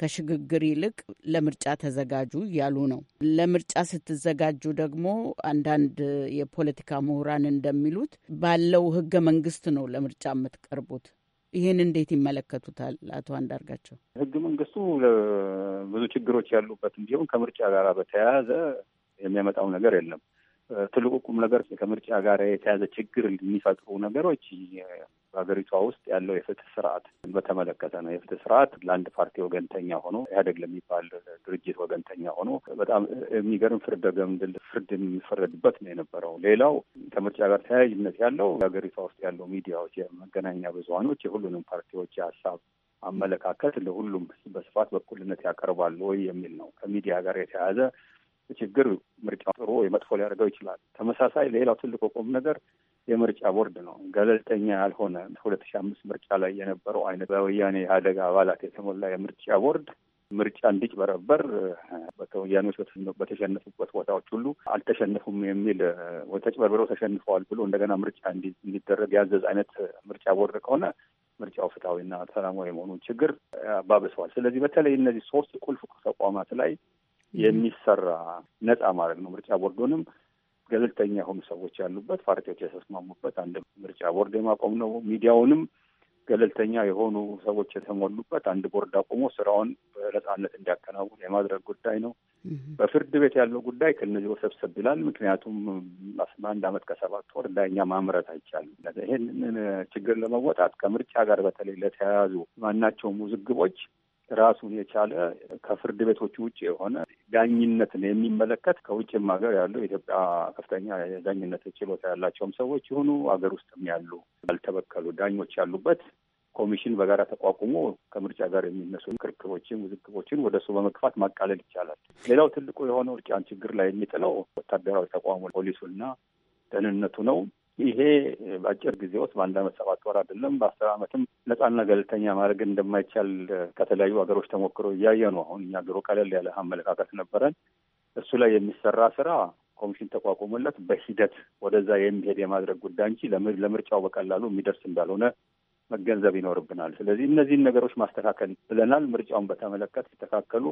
ከሽግግር ይልቅ ለምርጫ ተዘጋጁ እያሉ ነው። ለምርጫ ስትዘጋጁ ደግሞ አንዳንድ የፖለቲካ ምሁራን እንደሚሉት ባለው ህገ መንግስት ነው ለምርጫ የምትቀርቡት። ይህን እንዴት ይመለከቱታል አቶ አንዳርጋቸው? ሕገ መንግስቱ ብዙ ችግሮች ያሉበት እንዲሁም ከምርጫ ጋር በተያያዘ የሚያመጣው ነገር የለም። ትልቁ ቁም ነገር ከምርጫ ጋር የተያዘ ችግር የሚፈጥሩ ነገሮች በሀገሪቷ ውስጥ ያለው የፍትህ ስርዓት በተመለከተ ነው። የፍትህ ስርዓት ለአንድ ፓርቲ ወገንተኛ ሆኖ ኢህአዴግ ለሚባል ድርጅት ወገንተኛ ሆኖ በጣም የሚገርም ፍርደ ገምድል ፍርድ የሚፈረድበት ነው የነበረው። ሌላው ከምርጫ ጋር ተያያዥነት ያለው የሀገሪቷ ውስጥ ያለው ሚዲያዎች፣ የመገናኛ ብዙሀኖች የሁሉንም ፓርቲዎች የሀሳብ አመለካከት ለሁሉም በስፋት በኩልነት ያቀርባሉ ወይ የሚል ነው። ከሚዲያ ጋር የተያያዘ ችግር ምርጫ ጥሩ ወይ መጥፎ ሊያደርገው ይችላል። ተመሳሳይ ሌላው ትልቁ ቁም ነገር የምርጫ ቦርድ ነው። ገለልተኛ ያልሆነ ሁለት ሺ አምስት ምርጫ ላይ የነበረው አይነት በወያኔ አደጋ አባላት የተሞላ የምርጫ ቦርድ ምርጫ እንዲጭበረበር ወያኔዎች በተሸነፉበት ቦታዎች ሁሉ አልተሸነፉም የሚል ተጭበርብረው ተሸንፈዋል ብሎ እንደገና ምርጫ እንዲደረግ ያዘዝ አይነት ምርጫ ቦርድ ከሆነ ምርጫው ፍትሐዊና ሰላማዊ የመሆኑን ችግር አባብሰዋል። ስለዚህ በተለይ እነዚህ ሶስት ቁልፍ ተቋማት ላይ የሚሰራ ነጻ ማድረግ ነው ምርጫ ቦርዱንም ገለልተኛ የሆኑ ሰዎች ያሉበት ፓርቲዎች የተስማሙበት አንድ ምርጫ ቦርድ የማቆም ነው። ሚዲያውንም ገለልተኛ የሆኑ ሰዎች የተሞሉበት አንድ ቦርድ አቁሞ ስራውን በነጻነት እንዲያከናውን የማድረግ ጉዳይ ነው። በፍርድ ቤት ያለው ጉዳይ ከነዚህ ወሰብሰብ ይላል። ምክንያቱም አስራ አንድ ዓመት ከሰባት ወር ዳኛ ማምረት አይቻልም። ይህንን ችግር ለመወጣት ከምርጫ ጋር በተለይ ለተያያዙ ማናቸውም ውዝግቦች ራሱን የቻለ ከፍርድ ቤቶች ውጭ የሆነ ዳኝነትን የሚመለከት ከውጭም ሀገር ያሉ የኢትዮጵያ ከፍተኛ የዳኝነት ችሎታ ያላቸውም ሰዎች ይሁኑ ሀገር ውስጥም ያሉ ያልተበከሉ ዳኞች ያሉበት ኮሚሽን በጋራ ተቋቁሞ ከምርጫ ጋር የሚነሱ ክርክሮችን፣ ውዝግቦችን ወደ እሱ በመግፋት ማቃለል ይቻላል። ሌላው ትልቁ የሆነ ምርጫን ችግር ላይ የሚጥለው ወታደራዊ ተቋሙ ፖሊሱና ደህንነቱ ነው። ይሄ በአጭር ጊዜ ውስጥ በአንድ አመት ሰባት ወር አይደለም፣ በአስር አመትም ነጻና ገለልተኛ ማድረግ እንደማይቻል ከተለያዩ ሀገሮች ተሞክሮ እያየ ነው። አሁን እኛ ድሮ ቀለል ያለ አመለካከት ነበረን። እሱ ላይ የሚሰራ ስራ ኮሚሽን ተቋቁሞለት በሂደት ወደዛ የሚሄድ የማድረግ ጉዳይ እንጂ ለምርጫው በቀላሉ የሚደርስ እንዳልሆነ መገንዘብ ይኖርብናል። ስለዚህ እነዚህን ነገሮች ማስተካከል ብለናል። ምርጫውን በተመለከት ሲተካከሉ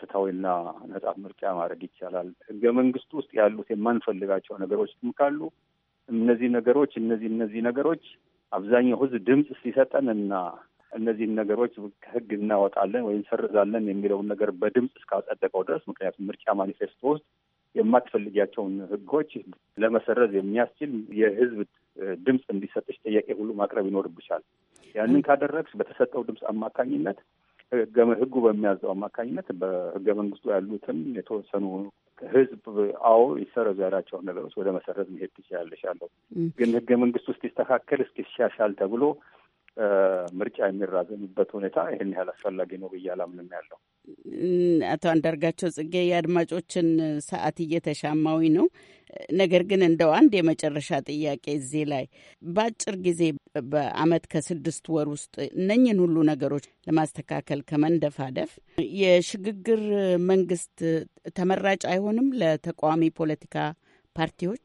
ፍትሐዊና ነጻ ምርጫ ማድረግ ይቻላል። ህገ መንግስቱ ውስጥ ያሉት የማንፈልጋቸው ነገሮችም ካሉ እነዚህ ነገሮች እነዚህ እነዚህ ነገሮች አብዛኛው ህዝብ ድምፅ ሲሰጠን እና እነዚህን ነገሮች ከህግ እናወጣለን ወይም ሰርዛለን የሚለውን ነገር በድምፅ እስካጸደቀው ድረስ ምክንያቱም ምርጫ ማኒፌስቶ ውስጥ የማትፈልጊያቸውን ህጎች ለመሰረዝ የሚያስችል የህዝብ ድምፅ እንዲሰጥሽ ጥያቄ ሁሉ ማቅረብ ይኖርብሻል። ያንን ካደረግሽ በተሰጠው ድምፅ አማካኝነት ህጉ በሚያዘው አማካኝነት በህገ መንግስቱ ያሉትን የተወሰኑ ህዝብ አዎ ይሰረዙ ነገሮች ወደ መሰረት መሄድ ትችላለች አለው። ግን ህገ መንግስት ውስጥ ይስተካከል እስኪሻሻል ተብሎ ምርጫ የሚራዘምበት ሁኔታ ይህን ያህል አስፈላጊ ነው ብዬ አላምንም። ያለው አቶ አንዳርጋቸው ጽጌ የአድማጮችን ሰዓት እየተሻማዊ ነው። ነገር ግን እንደው አንድ የመጨረሻ ጥያቄ እዚህ ላይ በአጭር ጊዜ በአመት ከስድስት ወር ውስጥ እነኝን ሁሉ ነገሮች ለማስተካከል ከመንደፋደፍ የሽግግር መንግስት ተመራጭ አይሆንም ለተቃዋሚ ፖለቲካ ፓርቲዎች?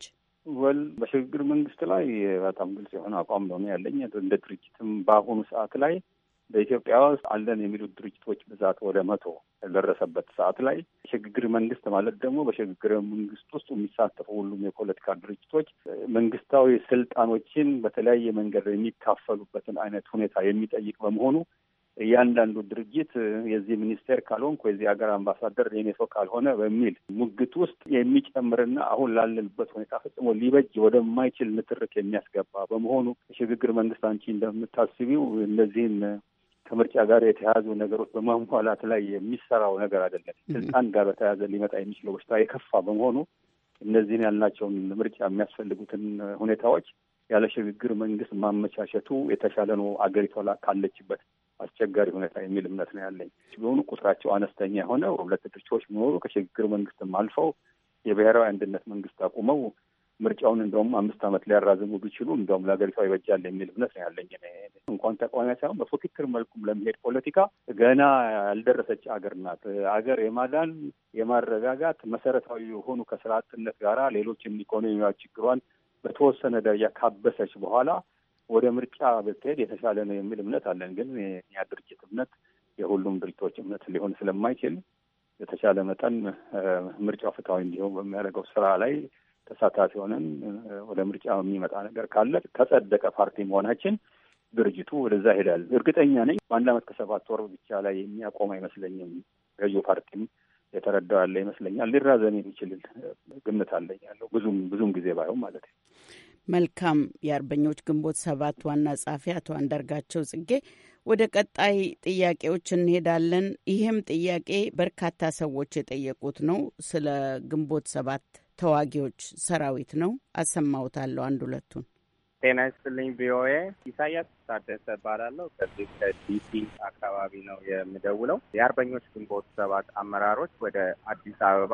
ወል በሽግግር መንግስት ላይ በጣም ግልጽ የሆነ አቋም ነው ያለኝ። እንደ ድርጅትም በአሁኑ ሰዓት ላይ በኢትዮጵያ ውስጥ አለን የሚሉት ድርጅቶች ብዛት ወደ መቶ የደረሰበት ሰዓት ላይ ሽግግር መንግስት ማለት ደግሞ በሽግግር መንግስት ውስጥ የሚሳተፉ ሁሉም የፖለቲካ ድርጅቶች መንግስታዊ ስልጣኖችን በተለያየ መንገድ የሚካፈሉበትን አይነት ሁኔታ የሚጠይቅ በመሆኑ እያንዳንዱ ድርጅት የዚህ ሚኒስቴር ካልሆንኩ የዚህ ሀገር አምባሳደር የኔ ሰው ካልሆነ በሚል ሙግት ውስጥ የሚጨምርና አሁን ላለንበት ሁኔታ ፈጽሞ ሊበጅ ወደማይችል ንትርክ የሚያስገባ በመሆኑ የሽግግር መንግስት አንቺ እንደምታስቢው እነዚህን ከምርጫ ጋር የተያዙ ነገሮች በማሟላት ላይ የሚሰራው ነገር አይደለም። ስልጣን ጋር በተያያዘ ሊመጣ የሚችለው በሽታ የከፋ በመሆኑ እነዚህን ያልናቸውን ምርጫ የሚያስፈልጉትን ሁኔታዎች ያለ ሽግግር መንግስት ማመቻቸቱ የተሻለ ነው። አገሪቷ ካለችበት አስቸጋሪ ሁኔታ የሚል እምነት ነው ያለኝ። ቢሆኑ ቁጥራቸው አነስተኛ የሆነ ሁለት ድርቻዎች መኖሩ ከሽግግር መንግስትም አልፈው የብሔራዊ አንድነት መንግስት አቁመው ምርጫውን እንደውም አምስት ዓመት ሊያራዝሙ ቢችሉ እንደውም ለሀገሪቷ ይበጃል የሚል እምነት ነው ያለኝ። እንኳን ተቃዋሚ ሳይሆን በፉክክር መልኩም ለመሄድ ፖለቲካ ገና ያልደረሰች አገር ናት። አገር የማዳን የማረጋጋት መሰረታዊ የሆኑ ከስርዓትነት ጋራ ሌሎችም ኢኮኖሚያዊ ችግሯን በተወሰነ ደረጃ ካበሰች በኋላ ወደ ምርጫ ብትሄድ የተሻለ ነው የሚል እምነት አለን። ግን ያ ድርጅት እምነት የሁሉም ድርጅቶች እምነት ሊሆን ስለማይችል የተሻለ መጠን ምርጫው ፍትሐዊ እንዲሆን በሚያደርገው ስራ ላይ ተሳታፊ ሆነን ወደ ምርጫ የሚመጣ ነገር ካለ ከጸደቀ ፓርቲ መሆናችን ድርጅቱ ወደዛ ይሄዳል። እርግጠኛ ነኝ በአንድ አመት ከሰባት ወር ብቻ ላይ የሚያቆም አይመስለኝም። ገዢው ፓርቲም የተረዳው ያለ ይመስለኛል። ሊራዘም የሚችል ግምት አለኝ ያለው ብዙም ብዙም ጊዜ ባየውም ማለት ነው። መልካም። የአርበኞች ግንቦት ሰባት ዋና ጸሐፊ አቶ አንዳርጋቸው ጽጌ፣ ወደ ቀጣይ ጥያቄዎች እንሄዳለን። ይህም ጥያቄ በርካታ ሰዎች የጠየቁት ነው። ስለ ግንቦት ሰባት ተዋጊዎች ሰራዊት ነው። አሰማውታለሁ አንድ ሁለቱን። ጤና ይስጥልኝ ቪኦኤ። ኢሳያስ ታደሰ እባላለሁ። ከዚህ ከዲሲ አካባቢ ነው የምደውለው። የአርበኞች ግንቦት ሰባት አመራሮች ወደ አዲስ አበባ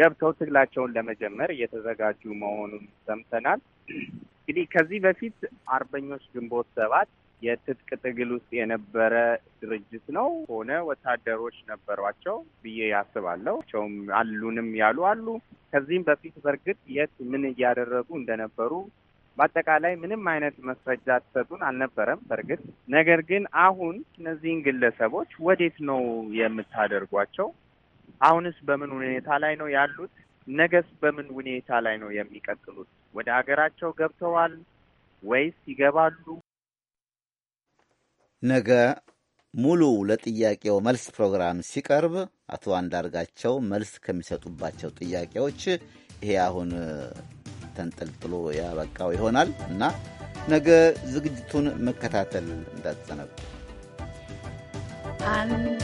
ገብተው ትግላቸውን ለመጀመር እየተዘጋጁ መሆኑን ሰምተናል። እንግዲህ ከዚህ በፊት አርበኞች ግንቦት ሰባት የትጥቅ ትግል ውስጥ የነበረ ድርጅት ነው። ሆነ ወታደሮች ነበሯቸው ብዬ ያስባለሁ። ቸውም አሉንም ያሉ አሉ። ከዚህም በፊት በእርግጥ የት ምን እያደረጉ እንደነበሩ በአጠቃላይ ምንም አይነት መስረጃ ትሰጡን አልነበረም። በእርግጥ ነገር ግን አሁን እነዚህን ግለሰቦች ወዴት ነው የምታደርጓቸው? አሁንስ በምን ሁኔታ ላይ ነው ያሉት? ነገስ በምን ሁኔታ ላይ ነው የሚቀጥሉት? ወደ አገራቸው ገብተዋል ወይስ ይገባሉ? ነገ ሙሉ ለጥያቄው መልስ ፕሮግራም ሲቀርብ አቶ አንዳርጋቸው መልስ ከሚሰጡባቸው ጥያቄዎች ይሄ አሁን ተንጠልጥሎ ያበቃው ይሆናል እና ነገ ዝግጅቱን መከታተል እንዳትዘነጉ። አንድ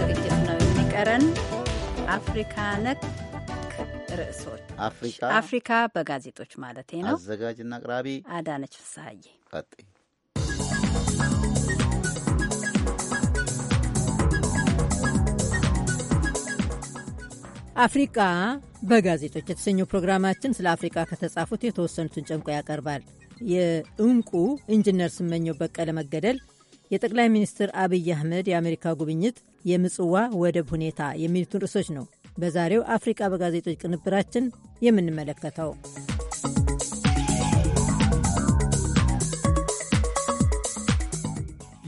ዝግጅት ነው የሚቀረን አፍሪካ ነክ ርዕሶች አፍሪካ አፍሪካ በጋዜጦች ማለት ነው። አዘጋጅና አቅራቢ አዳነች ፍስሀዬ። አፍሪቃ በጋዜጦች የተሰኘው ፕሮግራማችን ስለ አፍሪቃ ከተጻፉት የተወሰኑትን ጨምቆ ያቀርባል። የእንቁ ኢንጂነር ስመኘው በቀለ መገደል፣ የጠቅላይ ሚኒስትር አብይ አህመድ የአሜሪካ ጉብኝት፣ የምጽዋ ወደብ ሁኔታ የሚሉትን ርዕሶች ነው በዛሬው አፍሪቃ በጋዜጦች ቅንብራችን የምንመለከተው።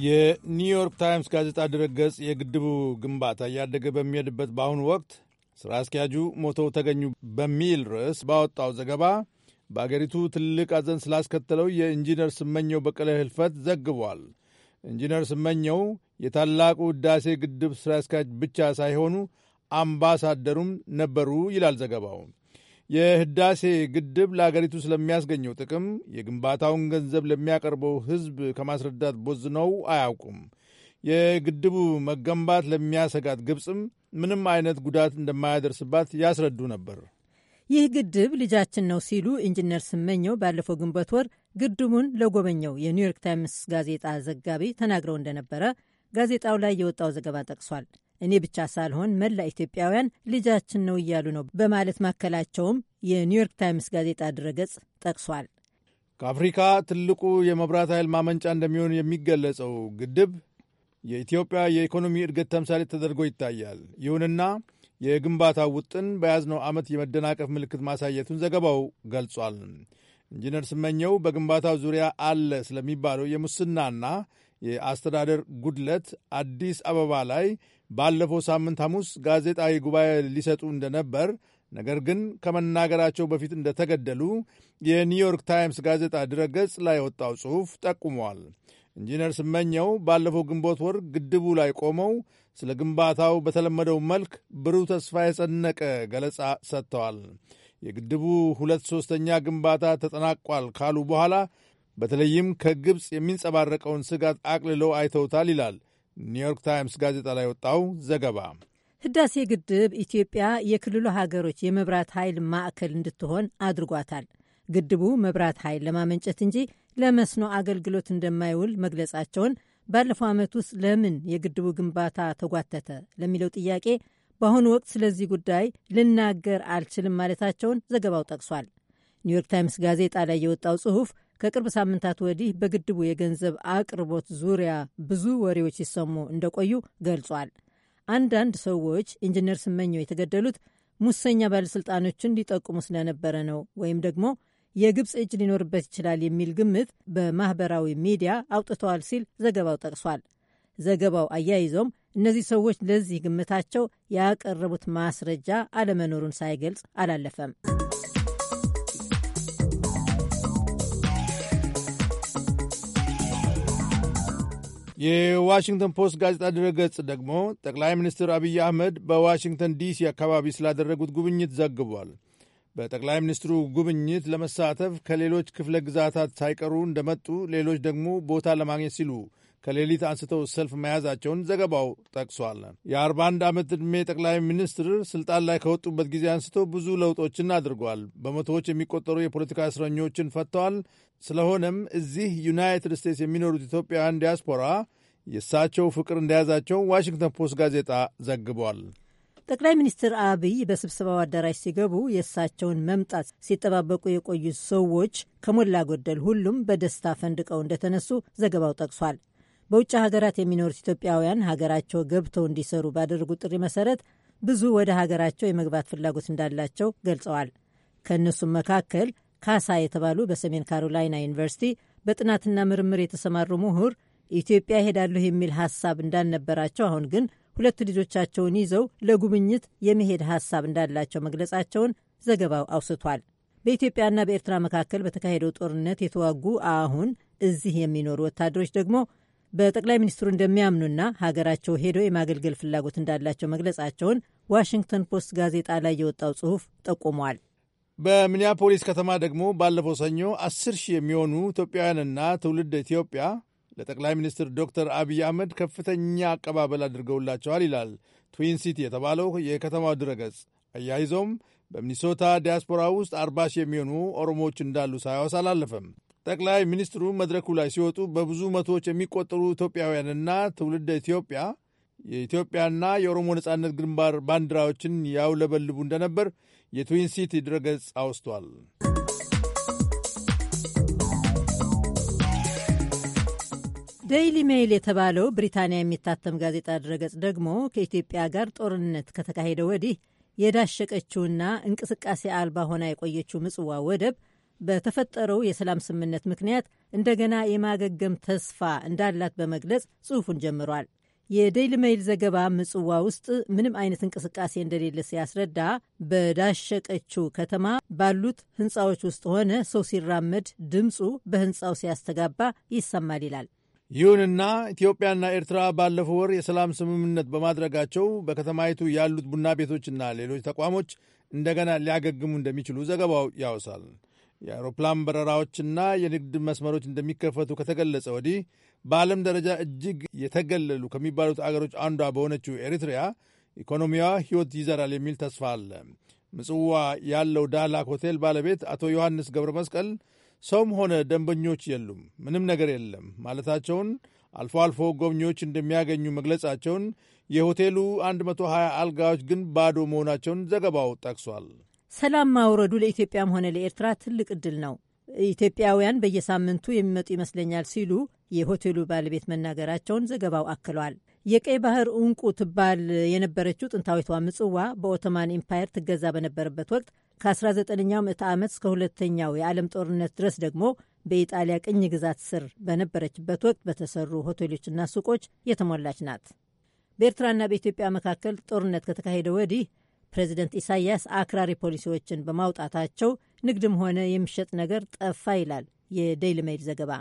የኒውዮርክ ታይምስ ጋዜጣ ድረገጽ የግድቡ ግንባታ እያደገ በሚሄድበት በአሁኑ ወቅት ሥራ አስኪያጁ ሞተው ተገኙ በሚል ርዕስ ባወጣው ዘገባ በአገሪቱ ትልቅ አዘን ስላስከተለው የኢንጂነር ስመኘው በቀለ ህልፈት ዘግቧል። ኢንጂነር ስመኘው የታላቁ ህዳሴ ግድብ ሥራ አስኪያጅ ብቻ ሳይሆኑ አምባሳደሩም ነበሩ ይላል ዘገባው። የህዳሴ ግድብ ለአገሪቱ ስለሚያስገኘው ጥቅም የግንባታውን ገንዘብ ለሚያቀርበው ሕዝብ ከማስረዳት ቦዝነው አያውቁም። የግድቡ መገንባት ለሚያሰጋት ግብፅም ምንም አይነት ጉዳት እንደማያደርስባት ያስረዱ ነበር። ይህ ግድብ ልጃችን ነው ሲሉ ኢንጂነር ስመኘው ባለፈው ግንቦት ወር ግድቡን ለጎበኘው የኒውዮርክ ታይምስ ጋዜጣ ዘጋቢ ተናግረው እንደነበረ ጋዜጣው ላይ የወጣው ዘገባ ጠቅሷል። እኔ ብቻ ሳልሆን መላ ኢትዮጵያውያን ልጃችን ነው እያሉ ነው በማለት ማከላቸውም የኒውዮርክ ታይምስ ጋዜጣ ድረገጽ ጠቅሷል። ከአፍሪካ ትልቁ የመብራት ኃይል ማመንጫ እንደሚሆን የሚገለጸው ግድብ የኢትዮጵያ የኢኮኖሚ እድገት ተምሳሌ ተደርጎ ይታያል። ይሁንና የግንባታ ውጥን በያዝነው ዓመት የመደናቀፍ ምልክት ማሳየቱን ዘገባው ገልጿል። ኢንጂነር ስመኘው በግንባታው ዙሪያ አለ ስለሚባለው የሙስናና የአስተዳደር ጉድለት አዲስ አበባ ላይ ባለፈው ሳምንት ሐሙስ ጋዜጣዊ ጉባኤ ሊሰጡ እንደነበር ነገር ግን ከመናገራቸው በፊት እንደተገደሉ የኒውዮርክ ታይምስ ጋዜጣ ድረገጽ ላይ የወጣው ጽሑፍ ጠቁመዋል። ኢንጂነር ስመኘው ባለፈው ግንቦት ወር ግድቡ ላይ ቆመው ስለ ግንባታው በተለመደው መልክ ብሩህ ተስፋ የጸነቀ ገለጻ ሰጥተዋል። የግድቡ ሁለት ሦስተኛ ግንባታ ተጠናቋል ካሉ በኋላ በተለይም ከግብፅ የሚንጸባረቀውን ስጋት አቅልለው አይተውታል ይላል ኒውዮርክ ታይምስ ጋዜጣ ላይ ወጣው ዘገባ። ህዳሴ ግድብ ኢትዮጵያ የክልሉ ሀገሮች የመብራት ኃይል ማዕከል እንድትሆን አድርጓታል። ግድቡ መብራት ኃይል ለማመንጨት እንጂ ለመስኖ አገልግሎት እንደማይውል መግለጻቸውን ባለፈው ዓመት ውስጥ ለምን የግድቡ ግንባታ ተጓተተ ለሚለው ጥያቄ በአሁኑ ወቅት ስለዚህ ጉዳይ ልናገር አልችልም ማለታቸውን ዘገባው ጠቅሷል። ኒውዮርክ ታይምስ ጋዜጣ ላይ የወጣው ጽሑፍ ከቅርብ ሳምንታት ወዲህ በግድቡ የገንዘብ አቅርቦት ዙሪያ ብዙ ወሬዎች ሲሰሙ እንደቆዩ ገልጿል። አንዳንድ ሰዎች ኢንጂነር ስመኘው የተገደሉት ሙሰኛ ባለሥልጣኖችን ሊጠቁሙ ስለነበረ ነው ወይም ደግሞ የግብፅ እጅ ሊኖርበት ይችላል የሚል ግምት በማኅበራዊ ሚዲያ አውጥተዋል ሲል ዘገባው ጠቅሷል። ዘገባው አያይዞም እነዚህ ሰዎች ለዚህ ግምታቸው ያቀረቡት ማስረጃ አለመኖሩን ሳይገልጽ አላለፈም። የዋሽንግተን ፖስት ጋዜጣ ድረገጽ ደግሞ ጠቅላይ ሚኒስትር አብይ አህመድ በዋሽንግተን ዲሲ አካባቢ ስላደረጉት ጉብኝት ዘግቧል። በጠቅላይ ሚኒስትሩ ጉብኝት ለመሳተፍ ከሌሎች ክፍለ ግዛታት ሳይቀሩ እንደመጡ፣ ሌሎች ደግሞ ቦታ ለማግኘት ሲሉ ከሌሊት አንስተው ሰልፍ መያዛቸውን ዘገባው ጠቅሷል። የ41 ዓመት ዕድሜ ጠቅላይ ሚኒስትር ስልጣን ላይ ከወጡበት ጊዜ አንስቶ ብዙ ለውጦችን አድርጓል። በመቶዎች የሚቆጠሩ የፖለቲካ እስረኞችን ፈትተዋል። ስለሆነም እዚህ ዩናይትድ ስቴትስ የሚኖሩት ኢትዮጵያውያን ዲያስፖራ የእሳቸው ፍቅር እንደያዛቸው ዋሽንግተን ፖስት ጋዜጣ ዘግቧል። ጠቅላይ ሚኒስትር አብይ በስብሰባው አዳራሽ ሲገቡ የእሳቸውን መምጣት ሲጠባበቁ የቆዩ ሰዎች ከሞላ ጎደል ሁሉም በደስታ ፈንድቀው እንደተነሱ ዘገባው ጠቅሷል። በውጭ ሀገራት የሚኖሩት ኢትዮጵያውያን ሀገራቸው ገብተው እንዲሰሩ ባደረጉ ጥሪ መሰረት ብዙ ወደ ሀገራቸው የመግባት ፍላጎት እንዳላቸው ገልጸዋል። ከእነሱም መካከል ካሳ የተባሉ በሰሜን ካሮላይና ዩኒቨርሲቲ በጥናትና ምርምር የተሰማሩ ምሁር ኢትዮጵያ ሄዳለሁ የሚል ሀሳብ እንዳልነበራቸው፣ አሁን ግን ሁለት ልጆቻቸውን ይዘው ለጉብኝት የመሄድ ሀሳብ እንዳላቸው መግለጻቸውን ዘገባው አውስቷል። በኢትዮጵያና በኤርትራ መካከል በተካሄደው ጦርነት የተዋጉ አሁን እዚህ የሚኖሩ ወታደሮች ደግሞ በጠቅላይ ሚኒስትሩ እንደሚያምኑና ሀገራቸው ሄደው የማገልገል ፍላጎት እንዳላቸው መግለጻቸውን ዋሽንግተን ፖስት ጋዜጣ ላይ የወጣው ጽሑፍ ጠቁሟል። በሚኒያፖሊስ ከተማ ደግሞ ባለፈው ሰኞ አስር ሺህ የሚሆኑ ኢትዮጵያውያንና ትውልድ ኢትዮጵያ ለጠቅላይ ሚኒስትር ዶክተር አብይ አህመድ ከፍተኛ አቀባበል አድርገውላቸዋል ይላል ትዊን ሲቲ የተባለው የከተማው ድረገጽ። አያይዞም በሚኒሶታ ዲያስፖራ ውስጥ አርባ ሺህ የሚሆኑ ኦሮሞዎች እንዳሉ ሳያወስ አላለፈም። ጠቅላይ ሚኒስትሩ መድረኩ ላይ ሲወጡ በብዙ መቶዎች የሚቆጠሩ ኢትዮጵያውያንና ትውልደ ኢትዮጵያ የኢትዮጵያና የኦሮሞ ነጻነት ግንባር ባንዲራዎችን ያውለበልቡ እንደነበር የትዊን ሲቲ ድረገጽ አውስቷል። ዴይሊ ሜይል የተባለው ብሪታንያ የሚታተም ጋዜጣ ድረገጽ ደግሞ ከኢትዮጵያ ጋር ጦርነት ከተካሄደ ወዲህ የዳሸቀችውና እንቅስቃሴ አልባ ሆና የቆየችው ምጽዋ ወደብ በተፈጠረው የሰላም ስምምነት ምክንያት እንደገና የማገገም ተስፋ እንዳላት በመግለጽ ጽሑፉን ጀምሯል። የዴይሊ ሜይል ዘገባ ምጽዋ ውስጥ ምንም አይነት እንቅስቃሴ እንደሌለ ሲያስረዳ በዳሸቀችው ከተማ ባሉት ህንፃዎች ውስጥ ሆነ ሰው ሲራመድ ድምፁ በህንፃው ሲያስተጋባ ይሰማል ይላል። ይሁንና ኢትዮጵያና ኤርትራ ባለፈው ወር የሰላም ስምምነት በማድረጋቸው በከተማይቱ ያሉት ቡና ቤቶችና ሌሎች ተቋሞች እንደገና ሊያገግሙ እንደሚችሉ ዘገባው ያወሳል። የአውሮፕላን በረራዎችና የንግድ መስመሮች እንደሚከፈቱ ከተገለጸ ወዲህ በዓለም ደረጃ እጅግ የተገለሉ ከሚባሉት አገሮች አንዷ በሆነችው ኤሪትሪያ ኢኮኖሚዋ ሕይወት ይዘራል የሚል ተስፋ አለ። ምጽዋ ያለው ዳላክ ሆቴል ባለቤት አቶ ዮሐንስ ገብረ መስቀል ሰውም ሆነ ደንበኞች የሉም፣ ምንም ነገር የለም ማለታቸውን አልፎ አልፎ ጎብኚዎች እንደሚያገኙ መግለጻቸውን፣ የሆቴሉ 120 አልጋዎች ግን ባዶ መሆናቸውን ዘገባው ጠቅሷል። ሰላም ማውረዱ ለኢትዮጵያም ሆነ ለኤርትራ ትልቅ እድል ነው። ኢትዮጵያውያን በየሳምንቱ የሚመጡ ይመስለኛል ሲሉ የሆቴሉ ባለቤት መናገራቸውን ዘገባው አክሏል። የቀይ ባህር እንቁ ትባል የነበረችው ጥንታዊቷ ምጽዋ በኦቶማን ኢምፓየር ትገዛ በነበረበት ወቅት ከ19ኛው ምዕተ ዓመት እስከ ሁለተኛው የዓለም ጦርነት ድረስ ደግሞ በኢጣሊያ ቅኝ ግዛት ስር በነበረችበት ወቅት በተሰሩ ሆቴሎችና ሱቆች የተሞላች ናት። በኤርትራና በኢትዮጵያ መካከል ጦርነት ከተካሄደ ወዲህ ፕሬዚደንት ኢሳያስ አክራሪ ፖሊሲዎችን በማውጣታቸው ንግድም ሆነ የሚሸጥ ነገር ጠፋ ይላል የዴይሊ ሜይል ዘገባ።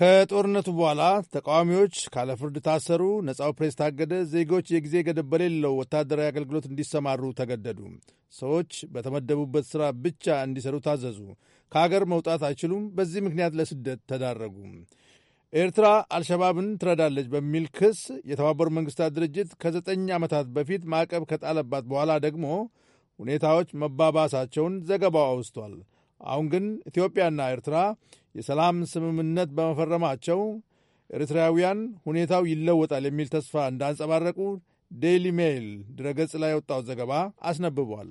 ከጦርነቱ በኋላ ተቃዋሚዎች ካለፍርድ ታሰሩ፣ ነፃው ፕሬስ ታገደ፣ ዜጎች የጊዜ ገደብ በሌለው ወታደራዊ አገልግሎት እንዲሰማሩ ተገደዱ። ሰዎች በተመደቡበት ሥራ ብቻ እንዲሰሩ ታዘዙ። ከአገር መውጣት አይችሉም። በዚህ ምክንያት ለስደት ተዳረጉ። ኤርትራ አልሸባብን ትረዳለች በሚል ክስ የተባበሩት መንግስታት ድርጅት ከዘጠኝ ዓመታት በፊት ማዕቀብ ከጣለባት በኋላ ደግሞ ሁኔታዎች መባባሳቸውን ዘገባው አውስቷል። አሁን ግን ኢትዮጵያና ኤርትራ የሰላም ስምምነት በመፈረማቸው ኤርትራውያን ሁኔታው ይለወጣል የሚል ተስፋ እንዳንጸባረቁ ዴይሊ ሜይል ድረገጽ ላይ የወጣው ዘገባ አስነብቧል።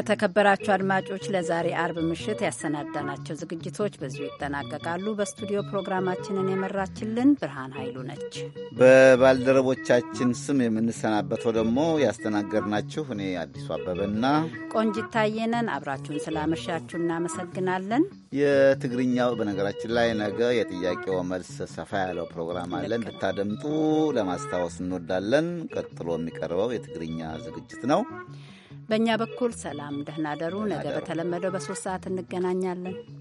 የተከበራችሁ አድማጮች ለዛሬ አርብ ምሽት ያሰናዳናቸው ዝግጅቶች በዚሁ ይጠናቀቃሉ። በስቱዲዮ ፕሮግራማችንን የመራችልን ብርሃን ኃይሉ ነች። በባልደረቦቻችን ስም የምንሰናበተው ደግሞ ያስተናገድናችሁ እኔ አዲሱ አበበና ቆንጂት ታየነን። አብራችሁን ስላመሻችሁ እናመሰግናለን። የትግርኛው በነገራችን ላይ ነገ የጥያቄው መልስ ሰፋ ያለው ፕሮግራም አለን ብታደምጡ ለማስታወስ እንወዳለን። ቀጥሎ የሚቀርበው የትግርኛ ዝግጅት ነው። በእኛ በኩል ሰላም፣ ደህና ደሩ። ነገ በተለመደው በሶስት ሰዓት እንገናኛለን።